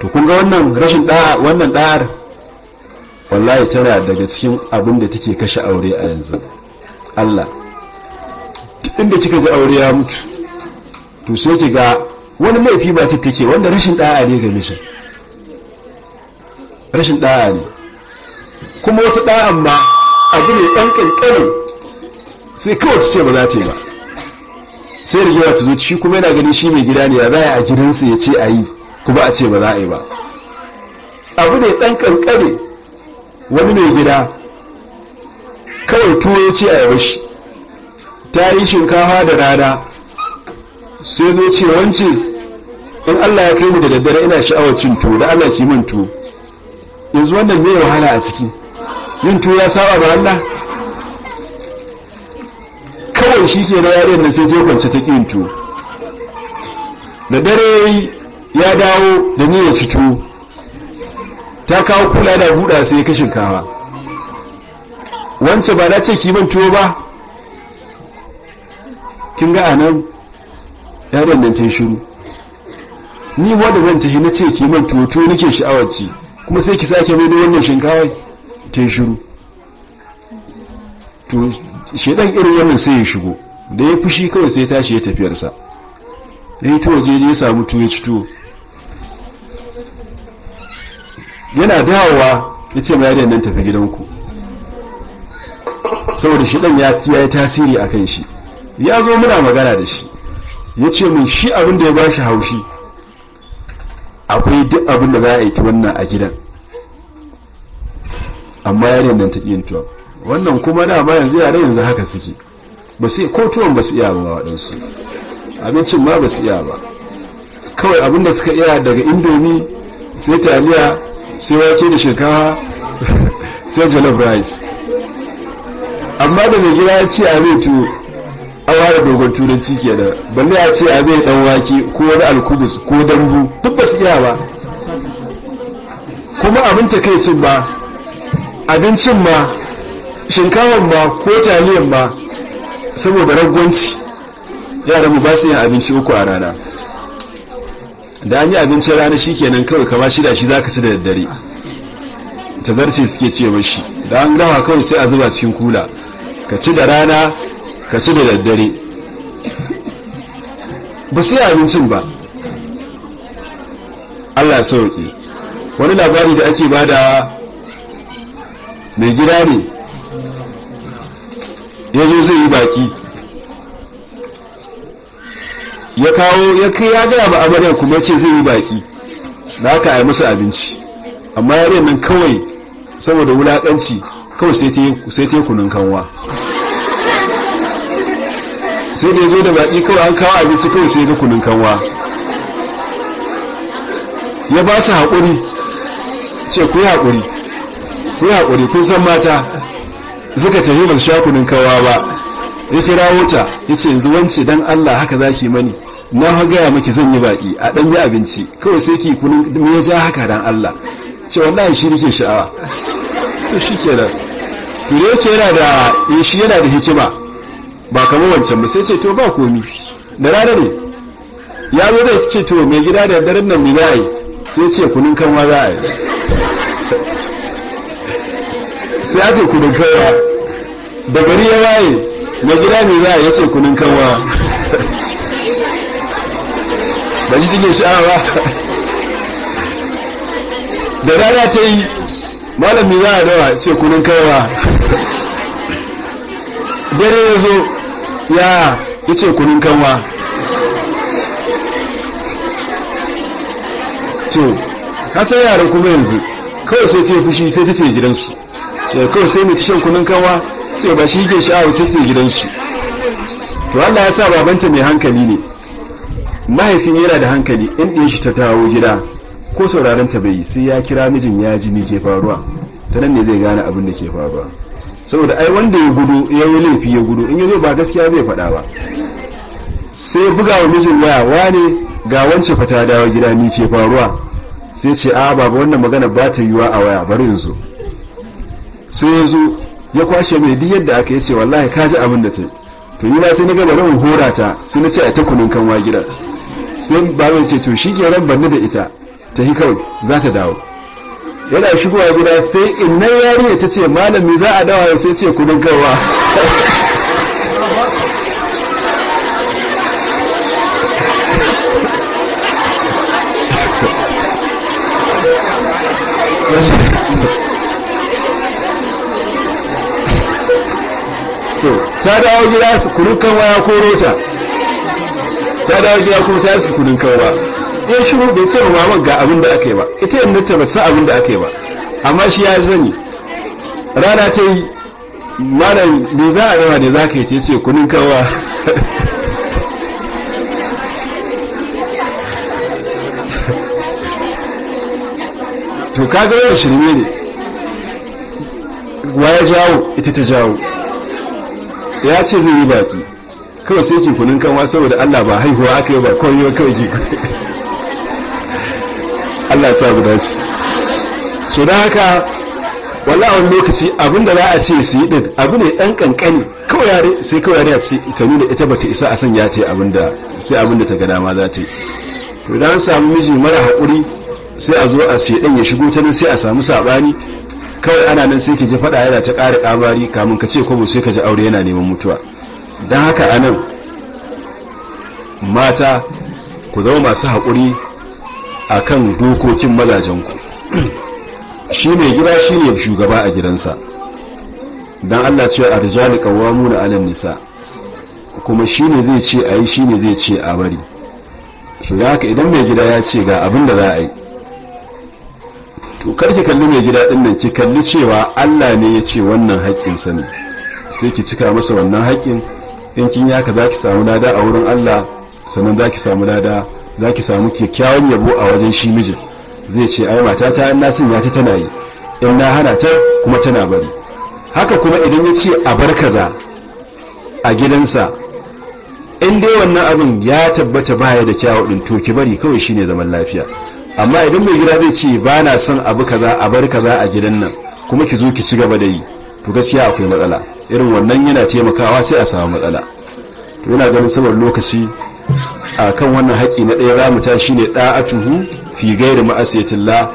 to kun ga wannan rashin da'a wannan da'ar wallahi tana daga cikin abin da take kashe aure a yanzu Allah inda kika ji aure ya mutu to sai ki ga wani laifi ba ta take wanda rashin da'a ne ga mijin rashin da'a ne kuma wata da'a ma abu ne dan kankani sai kawai ta ce ba za ta yi ba sai rigima ta zo shi kuma yana gani shi mai gida ne ya za a gidansa ya ce a yi kuma a ce ba za a yi ba abu ne dan kankani wani mai gida kawai tuwo ya ce a yau shi ta yi shinkafa da rana sai zo ce wance in Allah ya kai mu da daddare ina sha'awar cin tuwo da Allah ki min tuwo yanzu wannan ya wahala a ciki yin tuwo ya saba ba Allah kawai shi ke na yaren da sai je kwance ta kin tuwo da dare ya dawo da niyyar ci tuwo ta kawo kula da buɗa sai ya kashin kawa wance ba na ce ki man tuwo ba kin ga anan yaron nan tai shiru ni wanda zan yi na ce ki man tuwo tuwo nake sha'awar ci kuma sai ki sake mai da wannan shinkawa tai shiru to shedan irin wannan sai ya shigo da ya fushi kawai sai tashi ya tafiyarsa da ya tuwo jeje ya samu tuwo ya ci tuwo yana dawowa ya ce ma yadda nan tafi gidanku saboda shi ɗan ya yi tasiri a kan shi ya zo muna magana da shi ya ce mun shi abin da ya ba shi haushi akwai duk abin da za a aiki wannan a gidan amma ya rinda ta ƙin tuwa wannan kuma da ba yanzu yare yanzu haka suke ba su ko tuwon ba su iya ba waɗansu abincin ma ba su iya ba kawai abin da suka iya daga indomi sai taliya sai wace da shinkawa sai jollof rice amma da mai gida ya ce a mai tuwo a ware dogon turanci ke kenan balle a ce a mai dan wake ko wani alkubus ko dambu duk ba su iya ba kuma abin ta cin ba abincin ma shinkawan ma ko taliyan ma saboda ragwanci yara mu ba su yin abinci uku a rana da an yi abincin rana shi kenan kawai kama shida shi za ka ci da daddare ta zarce suke ce mashi da an gawa kawai sai a zuba cikin kula ka ci da rana ka ci da daddare ba su yi abincin ba Allah sauki wani labari da ake ba da mai gida ne ya zo zai yi baki ya kawo ya kai ya gaya ba amarya kuma ce zai yi baki da aka yi musu abinci amma yare nan kawai saboda wulakanci. kawai sai ta yi kanwa sai da ya zo da baƙi kawai an kawo abinci kawai sai ga kunun kanwa ya ba su haƙuri ce ku yi haƙuri ku yi haƙuri kun san mata suka tafi yi masu sha kunun kawa ba ya kira ta ya ce yanzu wance don allah haka za ki mani na gaya maki zan yi baƙi a ɗan yi abinci kawai sai ki kunun ya ja haka don allah ce wallahi shi nake sha'awa to shi kenan ke yana da eh, shi yana da hikima ba kamar wancan ba sai ce to ba komi da rana ne ya zo da ce to mai gida da daren nan mu za yi sai ce kunun kanwa za a yi sai ya kunin kunun kanwa da gari ya waye mai gida mai za a ya ce kunun kanwa ba shi take sha'awa da rana ta yi malami za a dawa ce kunin kaiwa dare ya zo ya ya ce kunin kanwa to kasar yaran kuma yanzu kawai sai ta fushi sai ta ce gidansu sai kawai sai mai shan kunin kanwa sai ba shi ke sha'awar sai ta gidansu to Allah ya sa babanta mai hankali ne mahaifin yana da hankali inda ɗin shi ta tawo gida ko sauraron ta bai sai ya kira mijin ya ji ni ke faruwa ta nan ne zai gane abin da ke faruwa saboda ai wanda ya gudu ya yi laifi ya gudu in ya zo ba gaskiya zai faɗa ba sai buga wa mijin waya wane ga wance fata dawo gida ni ke faruwa sai ce a baba wannan magana ba ta yiwa a waya bari yanzu sai ya zo ya kwashe mai duk yadda aka yace wallahi ka ji abin da ta to ni ma sai na ga bari in hora ta sai na ce a ta kunun kanwa gida sai ba mai ce to shi ke ran banni da ita ta yi kawai za ta dawo yana shigowa gida sai innan yariya ta ce malami za a dawa sai ce kudin kaiwa ta dawo gida kudin kaiwa ya koro ta ta dawo gida kuma ta yi kudin kaiwa ya shiru bai ce maman ga abin da aka yi ba ita yadda ta bata abin da aka yi ba amma shi ya zani rana ta yi malam me za a rawa ne za ka yi ce ce kunin kawa to ga yau shirme ne wa ya jawo ita ta jawo ya ce zai yi baki kawai sai ce kunin kanwa saboda Allah ba haihuwa aka yi ba kawai yau kawai ki Allah ya sa dace so da haka wallahi lokaci abinda za a ce su yi din abu ne dan kankani kawai sai kawai yare ce ta nuna ita bata isa a sanya ta abinda sai abinda ta ga dama za ta yi to an samu miji mara hakuri sai a zo a ɗan ya shigo ta nan sai a samu saɓani kawai ana nan sai ki ji fada yana ta ƙara ƙamari kamun ka ce kwabo sai ka ji aure yana neman mutuwa don haka anan mata ku zama masu hakuri. a kan dokokin ku. shi mai gida shi ne shugaba a gidansa don Allah ce a rijali kawamu na alan nisa kuma shi ne zai ce a yi shi ne zai ce a bari su haka idan mai gida ya ce ga abin da za a yi to karki kalli mai gida ɗinnan nan ki kalli cewa Allah ne ya ce wannan haƙƙinsa ne sai ki cika masa wannan haƙƙin in kin yaka za ki samu lada a wurin Allah sannan za ki samu lada za ki samu kyakkyawan yabo a wajen shi mijin zai ce ai mata ta na ya ta tana yi in na hana ta kuma tana bari haka kuma idan ya ce a bar kaza a gidansa in dai wannan abin ya tabbata baya da kyawu din to ki bari kawai shine zaman lafiya amma idan mai gida zai ce ba na son abu kaza a bar kaza a gidan nan kuma ki zo ki ci gaba da yi to gaskiya akwai matsala irin wannan yana taimakawa sai a samu matsala to yana ganin saboda lokaci Akan wannan haƙi na ɗaya za mu shine ne ɗa'atuhu fi gairi ma'asiyatillah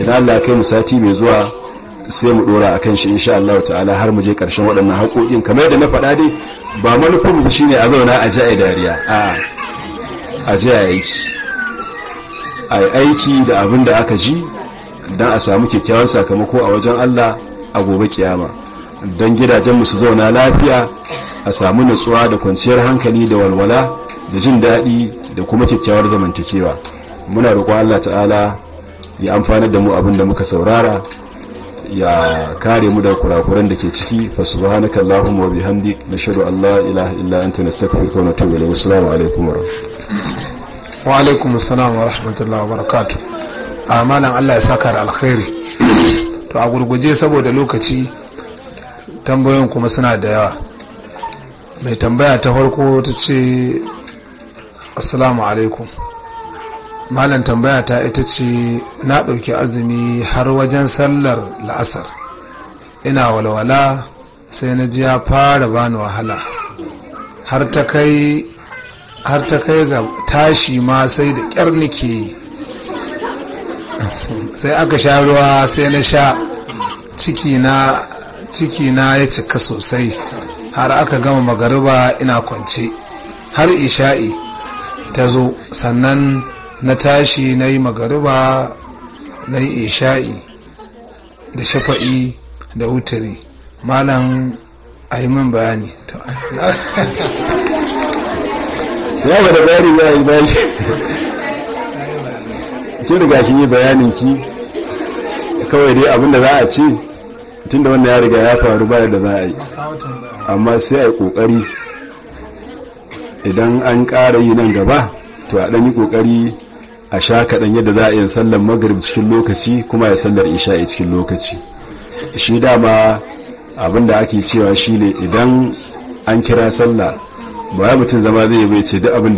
idan Allah kai mu sati mai zuwa sai mu dora akan shi insha Allah ta'ala har mu je ƙarshen waɗannan haƙoƙin kamar yadda na faɗa dai ba manufar mu ne a zauna a ji a dariya a a ji a aiki a aiki da abin da aka ji don a samu kyakkyawan sakamako a wajen Allah a gobe kiyama don gidajenmu su zauna lafiya a samu nutsuwa da kwanciyar hankali da walwala da jin daɗi da kuma kyakkyawar zamantakewa muna roƙon Allah ta'ala ya amfanar da mu abin da muka saurara ya kare mu da kurakuran da ke ciki fa subhanaka allahumma wa bihamdik nashhadu an la ilaha illa anta nastaghfiruka wa natubu ilayk assalamu alaikum wa rahmatullahi wa alaikum assalam wa rahmatullahi wa barakatuh amalan Allah ya saka da alkhairi to a gurguje saboda lokaci tambayoyin kuma suna da yawa mai tambaya ta farko ta ce assalamu alaikum malam tambaya ta ita ce na ɗauki azumi har wajen sallar la'asar ina walwala sai na ji ya fara bani wahala har ta kai ga tashi ma sai da ƙyar nike sai aka sha ruwa sai na sha cikina ya cika sosai har aka gama magariba ina kwance har isha'i ta zo sannan na tashi na yi magariba na yi isha'i da shafa'i da wutari malam a yi min bayani ya ba da bayani ya yi bayani kin riga gashi yi bayanin ki kawai dai abinda za a ci da wannan ya riga ya faru ba da za a yi amma sai a yi kokari idan an ƙara yi nan gaba to a ɗan yi ƙoƙari a sha kaɗan yadda za a yi sallar magrib cikin lokaci kuma ya sallar isha'i cikin lokaci shi dama abin da ake cewa shi ne idan an kira sallah ba ya mutum zama zai bai ce duk abin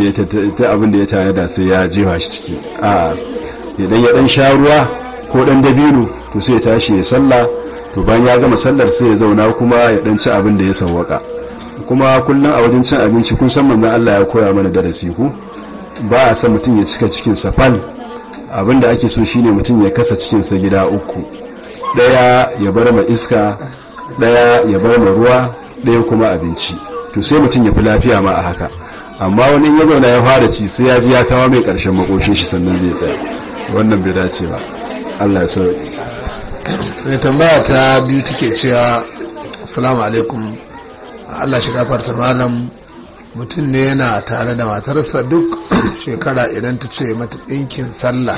da ya tare da sai ya jefa shi ciki a idan ya ɗan sha ruwa ko ɗan dabino to sai ya tashi ya sallah to ban ya gama sallar sai ya zauna kuma ya ɗan ci abin da ya sawwaka kuma kullum a wajen cin abinci kun san manzon Allah ya koya mana darasi ku ba a san mutum ya cika cikin sa fal abinda ake so shine mutum ya kasa cikin sa gida uku daya ya bar ma iska daya ya bar ma ruwa daya kuma abinci to sai mutum ya fi lafiya ma a haka amma wani ya zauna ya fara ci sai ya ji ya kawo mai karshen makoshin shi sannan zai tsaya wannan bai dace ba Allah ya sauke sai tambaya ta biyu take cewa assalamu alaikum Allah shi gafarta malam mutum ne yana tare da matarsa duk shekara idan ta ce mata ɗinkin sallah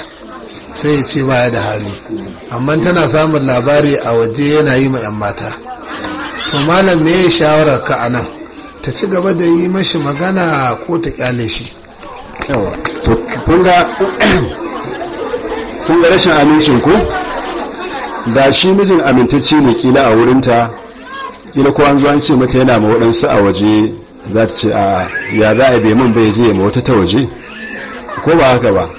sai ya ce baya da hali amma tana samun labari a waje yana yi ma 'yan mata to malam ne ya shawarar ka a nan ta ci gaba da yi mashi magana ko ta kyale shi Kunga rashin amincin ku da shi mijin amintacci ne kila a wurinta kila ko an zo an ce mata yana ma waɗansu a waje za ta ce a ya za a bai man bai je ma wata ta waje ko ba haka ba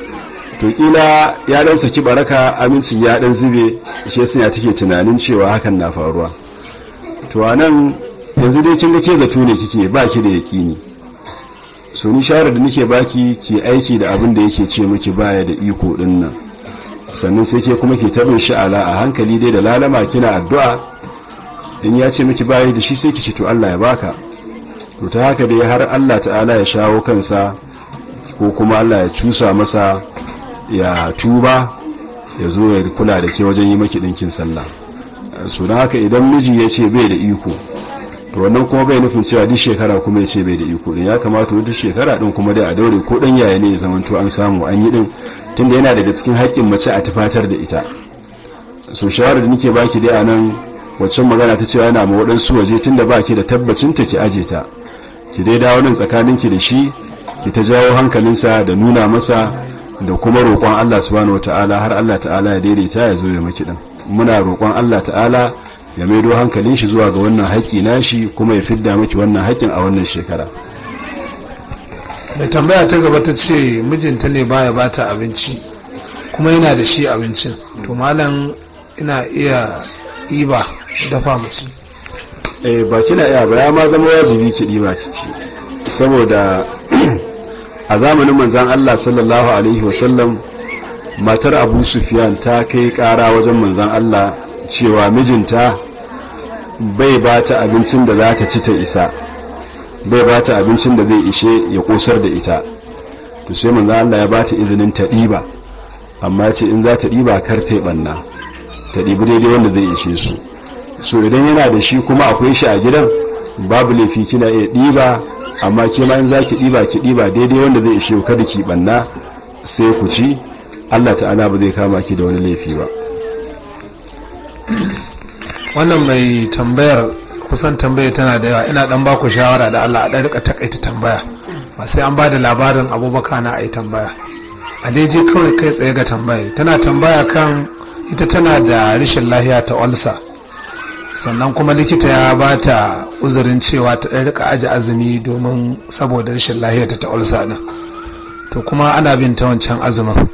to kila ya dan saki baraka amincin ya dan zube shi yasa ya take tunanin cewa hakan na faruwa to anan yanzu dai kin ga ke zato ne kike ba ki da yakini so ni share da nake baki ki aiki da abin da yake ce miki baya da iko din nan sannan sai ke kuma ke tabin sha'ala a hankali dai da lalama kina addu'a in ya ce miki bayi da shi sai ki ce to Allah ya baka to ta haka dai har Allah ta'ala ya shawo kansa ko kuma Allah ya cusa masa ya tuba ya zo ya kula da ke wajen yi maki ɗinkin sallah su haka idan miji ya ce bai da iko to wannan kuma bai nufin cewa duk shekara kuma ya ce bai da iko ya kamata duk shekara ɗin kuma dai a daure ko ɗan yaya ne ya zamanto an samu an yi ɗin tunda yana daga cikin haƙƙin mace a tufatar da ita so shawarar da nake baki dai a nan waccan magana ta cewa yana ma waɗansu waje tun da ba ki da tabbacinta ki aje ta ki dai dawo nan tsakaninki da shi ki ta jawo hankalinsa da nuna masa da kuma roƙon Allah subhanahu wataala har Allah ta'ala ya daidaita ya zo ya maki din muna roƙon Allah ta'ala ya maido hankalin shi zuwa ga wannan haƙƙi nashi kuma ya fidda miki wannan haƙƙin a wannan shekara mai tambaya ta gaba ta ce mijinta ne baya bata abinci kuma yana da shi abincin to malam ina iya ɗiba dafa musu eh ba kina iya ba ya ma zama wajibi ki ɗiba ki ci saboda a zamanin manzon Allah sallallahu alaihi wasallam matar Abu Sufyan ta kai ƙara wajen manzan Allah cewa mijinta bai ba ta abincin da za ta ci ta isa bai ba ta abincin da zai ishe ya kosar da ita to sai manzon Allah ya ba ta izinin ta ɗiba amma ce in za ta ɗiba kar ta yi ɓanna ta ɗibi daidai wanda zai ishe su so idan yana da shi kuma akwai shi a gidan babu laifi kina iya ɗiba amma ke ma in za ki ɗiba ki ɗiba daidai wanda zai ishe kada ki ɓanna sai ku ci allah ta'ala ba zai kama ki da wani laifi ba wannan mai tambayar kusan tambaya tana da yawa ina dan baku shawara da allah a ɗan rika takaita tambaya ba sai an ba da labarin abubakar na a yi tambaya a kawai kai tsaye ga tambaya tana tambaya kan ita tana da rashin lahiya ta olsa sannan kuma likita ya ba ta uzurin cewa ta ɗan rika aji azumi domin saboda rashin lahiya ta olsa ɗin to kuma ana bin ta wancan azumin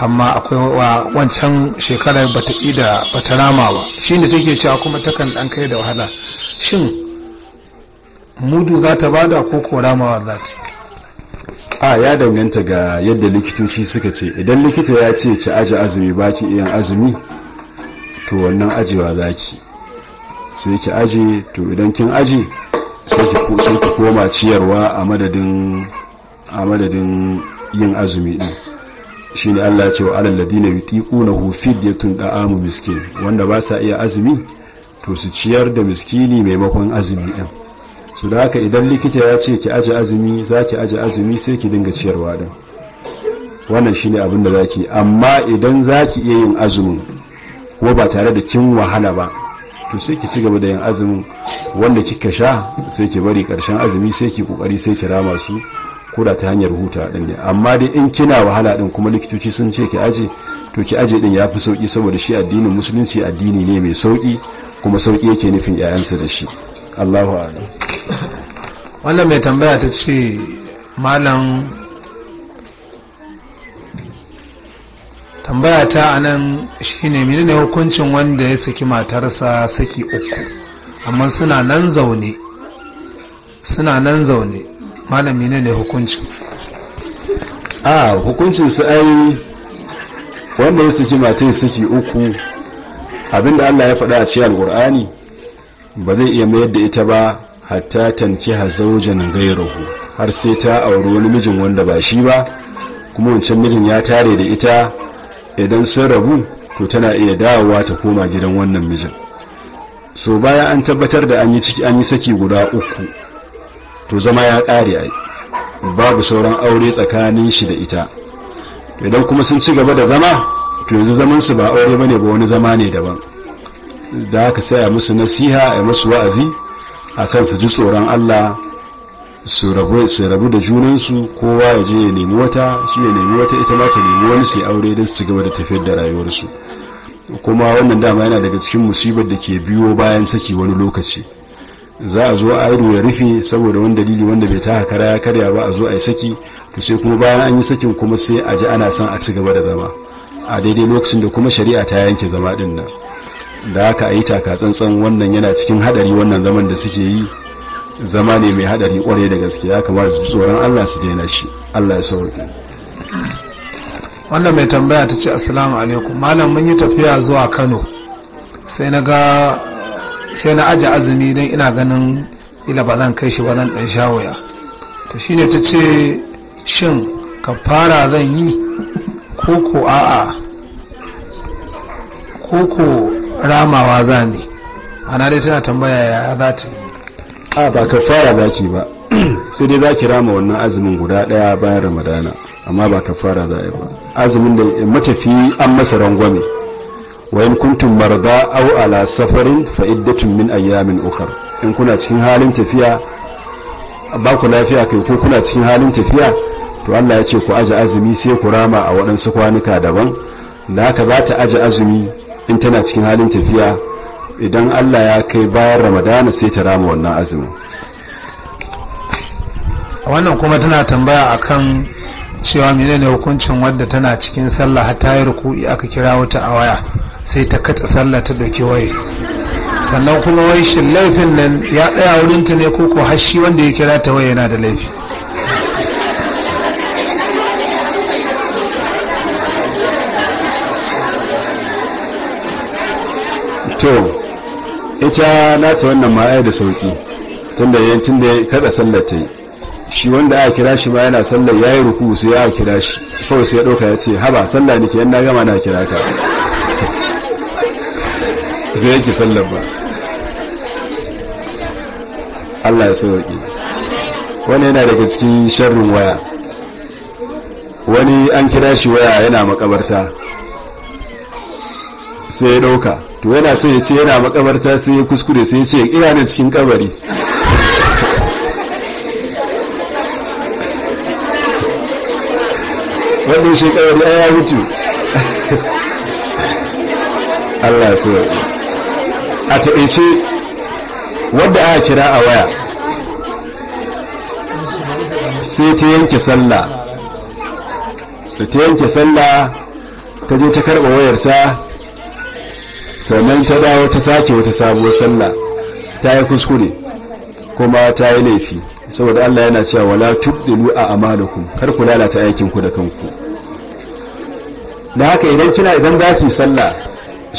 amma akwai wancan shekarar bata da bata rama ba shi ne take cewa kuma takan ɗan kai da wahala shin mudu za ta bada ko ko ramawa za ta a ya danganta ga yadda likitoci suka ce idan likita ya ce ki aji azumi ba ki iya azumi to wannan ajiwa za ki sai ki aji to idan kin aji sai ki koma ciyarwa a madadin a madadin yin azumi din ne Allah ya ce wa alal ladina yutiquna hu fidyatun da'amu miskin wanda ba sa iya azumi to su ciyar da miskini maimakon azumi din su da haka idan likita ya ce ki aji azumi za ki aji azumi sai ki dinga ciyarwa din wannan shine abin da za ki amma idan za ki iya yin azumin ko ba tare da kin wahala ba to sai ki cigaba da yin azumin wanda kika sha sai ki bari karshen azumi sai ki kokari sai ki rama su koda ta hanyar huta din ne amma dai in kina wahala din kuma likitoci sun ce ki aje to ki aje din yafi sauki saboda shi addinin musulunci addini ne mai sauki kuma sauki yake nufin yayansa da shi Allahu a'lam wannan mai tambaya ta ce malam tambaya ta a nan shi ne ne hukuncin wanda ya saki matarsa saki uku amma suna nan zaune suna nan zaune malam ne hukuncin a hukuncin su ai wanda ya saki matar saki uku abinda Allah ya faɗa a cikin alqur'ani ba zai iya mayar da ita ba hatta tanki zaujan gairahu har sai ta auri wani mijin wanda ba shi ba kuma wancan mijin ya tare da ita idan sun rabu to tana iya dawowa ta koma gidan wannan mijin so bayan an tabbatar da an yi ciki an yi saki guda uku to zama ya kare ai babu sauran aure tsakanin shi da ita idan kuma sun ci gaba da zama to yanzu zaman su ba aure bane ba wani zama ne daban da aka saya musu nasiha a masu wa'azi a kan su ji tsoron Allah su rabu da junansu kowa ya je ya nemi wata shi ya nemi wata ita mata nemi wani sai aure don su ci gaba da tafiyar da rayuwarsu kuma wannan dama yana daga cikin musibar da ke biyo bayan saki wani lokaci za a zo aido ya rufe saboda wani dalili wanda bai ta hakara ya karya ba a zo a yi saki to sai kuma bayan an yi sakin kuma sai a ji ana son a ci gaba da zama a daidai lokacin da kuma shari'a ta yanke zama dinnan. da aka yi taka tsantsan wannan yana cikin hadari wannan zaman da suke yi zama ne mai hadari kwarai da gaske ya kamata su tsoron Allah su daina shi Allah ya sauke wannan mai tambaya ta ce assalamu alaikum malam mun yi tafiya zuwa Kano sai na ga sai na aje azumi don ina ganin ila ba zan kai shi ba nan dan shawaya to shine ta ce shin kafara zan yi koko a'a koko ramawa za ne ana dai suna tambaya ya za ta a ba ka fara za ki ba sai dai za ki rama wannan azumin guda daya bayan ramadana amma ba ka fara za ba azumin da matafi an masa rangwame wayan kuntun kuntum marda ala safarin fa min ayyamin ukar in kuna cikin halin tafiya ba ku lafiya kai ko kuna cikin halin tafiya to Allah ya ce ku aje azumi sai ku rama a waɗansu kwanuka daban da haka za ta aje azumi in tana cikin halin tafiya idan Allah ya kai bayan ramadana sai ta rama wannan azumin wannan kuma tana tambaya a kan cewa menene hukuncin wadda tana cikin sallah ta yi ruku'i aka kira wata a waya sai ta kata sallah ta doki waye sannan kuma wai shin laifin nan ya tsaya wurinta ne ko ko har wanda ya kira ta waye yana da laifi to ita na ta wannan ma'ai da sauki tunda yayin da ya kada sallar ta shi wanda aka kira shi ma yana sallar yayi ruku sai ya kira shi kawai sai ya dauka ya ce haba sallar nake yan na gama na kira ka zai yake sallar ba Allah ya sauki wani yana daga cikin sharrin waya wani an kira shi waya yana makabarta sai ya dauka to yana so ya ce yana makabarta sai ya kuskure sai ya ce ina da cikin kabari wanda shi kabari ya mutu Allah so a taɓaice wadda aka kira a waya sai ta yanke sallah ta yanke sallah ta je ta karɓa wayarta sannan ta dawo ta sace wata sabuwar sallah ta yi kuskure kuma ta yi laifi saboda Allah yana cewa wala tubdilu a amalakum kar ku lalata aikin ku da kanku da haka idan kina idan za ki sallah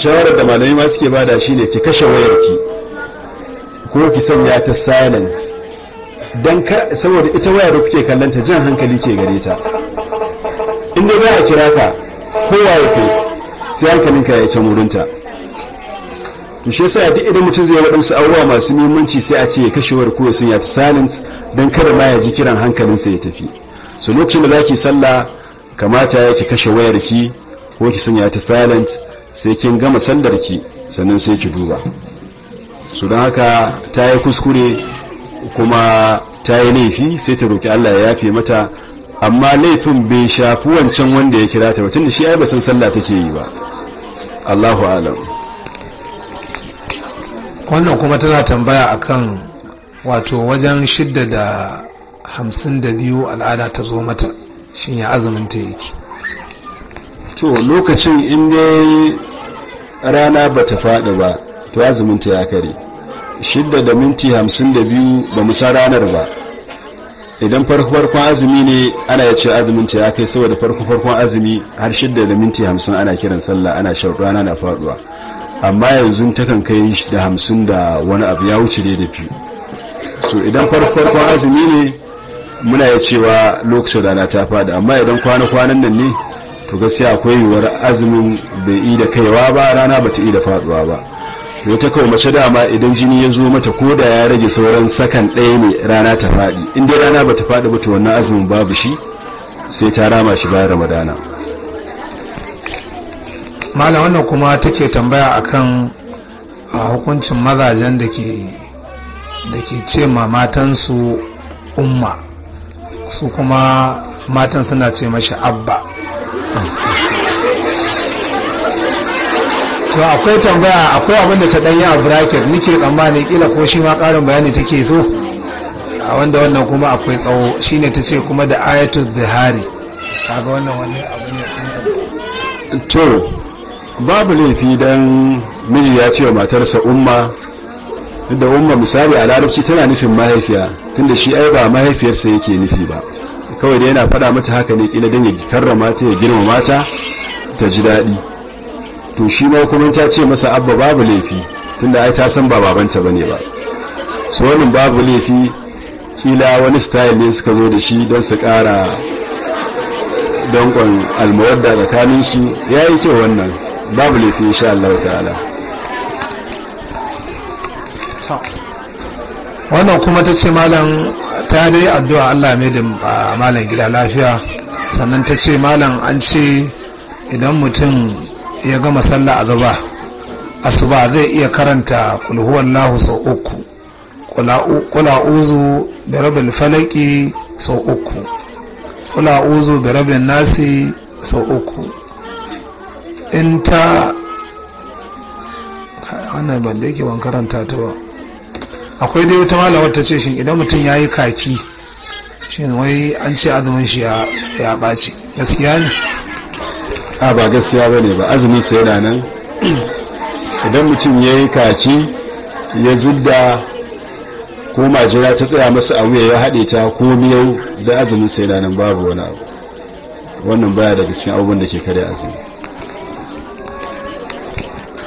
shawarar da malamai ma suke bada shine ki kashe wayarki ko ki sanya ta silent dan saboda ita wayar da kuke kallon ta jan hankali ke gare ta in dai za a kira ka kowa ya sai hankalinka ya ce murunta. to shi yasa duk idan mutum zai waɗansu abubuwa masu muhimmanci sai a ce ya kashe wayar ko ya sanya silent dan kada ma ya ji kiran hankalinsa ya tafi so lokacin da zaki salla kamata ya ci kashe wayar ki ko ki sanya ta silent sai kin gama sallar ki sannan sai ki duba su don haka ta yi kuskure kuma ta yi laifi sai ta roki Allah ya yafe mata amma laifin bai shafi wancan wanda ya kira ta ba tunda shi ai ba san sallah take yi ba Allahu a'lam wannan kuma tana tambaya akan wato wajen shidda da hamsin da biyu al'ada ta zo mata shi ya azumin ta yake to lokacin inda rana ba ta faɗi ba to azumin ta ya kare shidda da minti hamsin da biyu ba mu ranar ba idan farko-farkon azumi ne ana ya ce azumin ta ya kai saboda farko-farkon azumi har shidda da minti hamsin ana kiran sallah ana shan rana na faɗuwa amma yanzu takan kai da hamsin da wani abu ya wuce dai da fi so idan farkon azumi ne muna ya cewa lokacin rana ta fada amma idan kwana-kwanan nan ne to gaskiya akwai yiwuwar azumin bai yi da kaiwa ba rana bata yi da faduwa ba to ta kawo mace dama idan jini ya zo mata ko da ya rage sauran sakan ɗaya ne rana ta faɗi in dai rana bata faɗi ba to wannan azumin babu shi sai ta rama shi bayan ramadana malam wannan kuma take tambaya akan hukuncin mazajen da ke da ke ce ma matansu umma su kuma matan suna ce mashi abba to akwai tambaya akwai abin da ta danya a bracket nike tsammani kila ko shi ma karin bayani take so a wanda wannan kuma akwai tsawo shine ta ce kuma da ayatul Bihari. kaga wannan wani abu ne to babu laifi dan miji ya ce wa matarsa umma da umma misali a larabci tana nufin mahaifiya tunda shi ai ba mahaifiyarsa yake nufi ba kawai da yana faɗa mata haka ne kila don ya karrama ta ya girma mata ta ji daɗi to shi ma kuma ta ce masa abba babu laifi tunda ai ta san ba babanta bane ba so wannan babu laifi kila wani style ne suka zo da shi don su ƙara dankon almawadda tsakaninsu ya yi kyau wannan babu laifi insha Allah ta'ala wannan kuma ta ce malam ta dai addu'a Allah mai da ah, malam gida lafiya sannan ta ce malam an ce idan mutum ya gama sallah a gaba asuba zai iya karanta kulhuwan lahu sau uku kula uzu da rabin falaki sau uku kula uzu da rabin nasi sau uku in ta ana ban da yake ban karanta ta ba akwai dai wata mala wata ce shin idan mutum ya yi kaki shin wai an ce azumin shi ya ɓaci gaskiya ne a ba gaskiya ba ne ba azumin sa yana nan idan mutum ya yi kaki ya zidda ko majina ta tsaya masa a wuya ya haɗe ta ko miyau da azumin sa yana nan babu wani abu wannan baya daga cikin abubuwan da ke kare azumi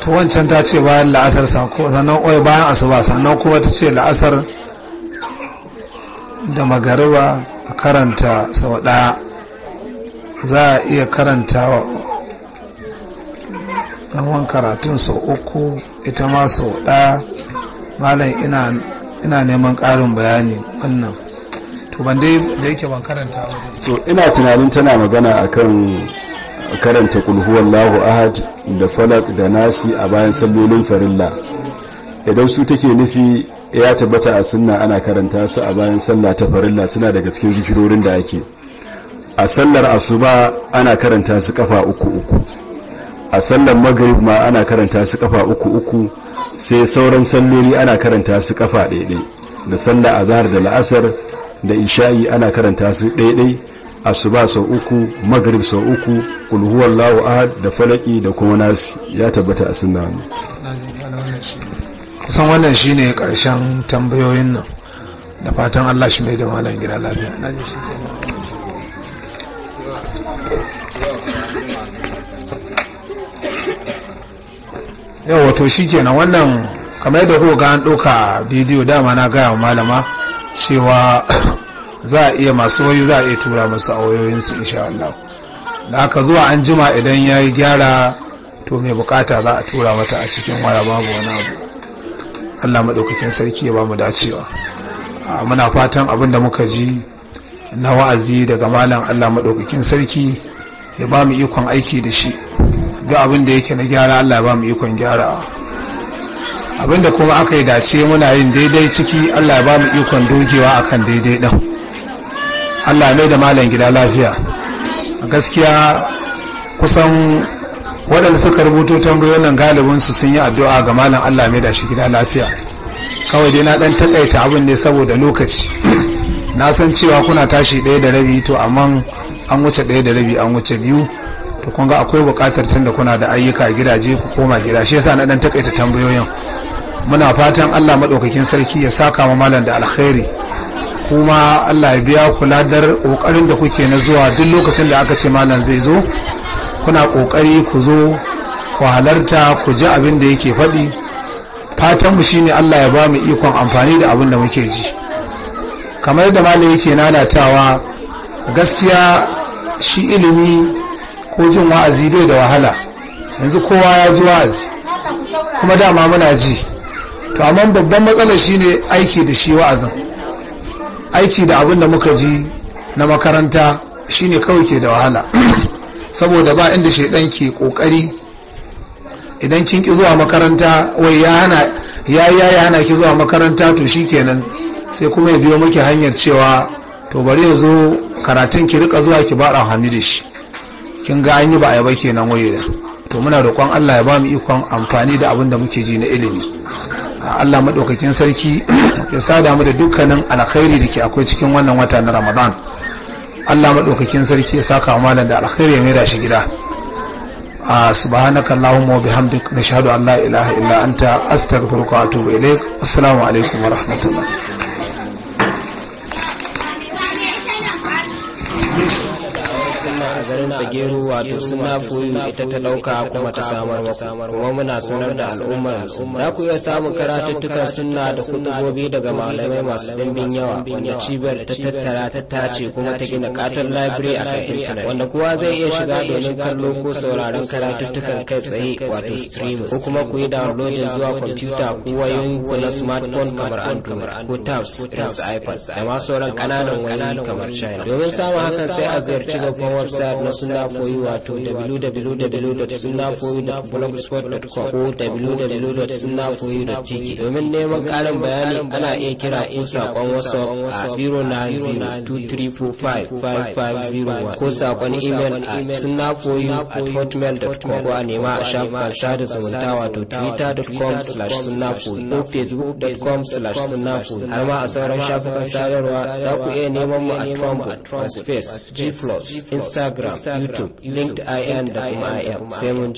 to wancan ta ce bayan la'asar sannan oi bayan asuba sannan kuma ta ce la'asar da magariba a karanta sau ɗaya za a iya karanta wa ɗanwan karatun sau uku ita ma sau ɗaya malam ina neman ƙarin bayani wannan to ban da yake ban karanta to ina tunanin tana magana akan karanta lahu ahad da falak da nasi a bayan sallolin farilla idan su take nufi ya tabbata a sunna ana karanta su a bayan sallah ta farilla suna daga cikin zikirorin da ake a sallar asuba ana karanta su kafa uku uku a sallar maghrib ma ana karanta su kafa uku uku sai sauran salloli ana karanta su kafa daidai da sallar azhar da la'asar da isha'i ana karanta su daidai. asuba sau uku magrib sau uku kulhuwar lawo ahad da falaki da kuma nasi ya tabbata a sunna wannan kusan wannan shi ne karshen tambayoyin nan da fatan allah shi mai da malam gida lafiya yau wato shi kenan wannan kamar yadda kuka an ɗauka bidiyo dama na gaya wa malama cewa za a iya masu wayo za a iya tura masu a wayoyinsu insha Allah da aka zuwa an jima idan ya yi gyara to mai bukata za a tura mata a cikin waya babu wani abu Allah maɗaukakin sarki ya ba mu dacewa muna fatan abin da muka ji na wa'azi daga malam Allah maɗaukakin sarki ya ba mu ikon aiki da shi ga abin da yake na gyara Allah ya ba mu ikon gyara, abin da kuma aka yi dace muna yin daidai ciki Allah ya ba mu ikon dogewa akan daidai ɗan Allah mai da malam gida lafiya gaskiya kusan waɗanda suka rubuto tambayoyin nan galibin su sun yi addu'a ga malam Allah mai da shi gida lafiya kawai dai na dan takaita abin ne saboda lokaci na san cewa kuna tashi ɗaya da rabi to amma an wuce ɗaya da rabi an wuce biyu to kun ga akwai buƙatar tunda kuna da ayyuka gidaje ku koma gida shi yasa na dan takaita tambayoyin muna fatan Allah madaukakin sarki ya saka ma malam da alkhairi kuma Allah ya biya kula dar kokarin da kuke na zuwa duk lokacin da aka ce malam zai zo kuna kokari ku zo ku halarta ku ji abin da yake faɗi mu shine Allah ya ba mu ikon amfani da abin da muke ji kamar da malam yake nanatawa gaskiya shi ilimi ko jin wa'azi bai da wahala yanzu kowa ya ji wa'azi kuma dama muna ji to amma babban matsalar shine aiki da shi wa'azin aiki da abin da muka ji na makaranta shine kawai ke da wahala saboda ba inda ɗan ke kokari idan kin ki zuwa makaranta wai ya hana ya ya hana ki zuwa makaranta to shi kenan sai kuma ya biyo miki hanyar cewa to bari ya zo karatun ki rika zuwa ki ba bara hamidish kin ga an yi ba a yaba kenan wai to muna roƙon Allah ya ba mu ikon amfani da abin da muke ji na ilimi Allah maɗaukakin sarki ya sada mu da dukkanin alkhairi da ke akwai cikin wannan wata na Ramadan Allah maɗaukakin sarki ya saka wa malam da alkhairi ya da shi gida subhanaka allahumma wa bihamdika nashhadu an la ilaha illa anta astaghfiruka wa atubu ilaik assalamu alaikum wa rahmatullah garin tsagero wato suna foyu ita ta dauka kuma ta samar kuma muna sanar da al'ummar za ku iya samun karatuttukan suna da kutubobi daga malamai masu dimbin yawa wanda cibiyar ta tattara ta tace kuma ta gina katon library kan intanet wanda kowa zai iya shiga domin kallo ko sauraron karatuttukan kai tsaye wato streaming ko kuma ku yi downloading zuwa kwamfuta ko ku na smartphone kamar android ko tabs ipad da ma sauran kananan wayoyi kamar china domin samun hakan sai a ziyarci gaban website na suna foyi wato www.sunnafoyi.blogspot.com ko www.sunnafoyi.tk domin neman karin bayani ana iya kira in sakon whatsapp a 09023455501 ko sakon email a sunnafoyi@hotmail.com ko a nema a shafukan sada zumunta wato twitter.com/sunnafoyi ko facebook.com/sunnafoyi har ma a sauran shafukan sadarwa za ku iya neman mu a trump a Space, G+, Instagram, Instagram, YouTube, LinkedIn da kuma IM sai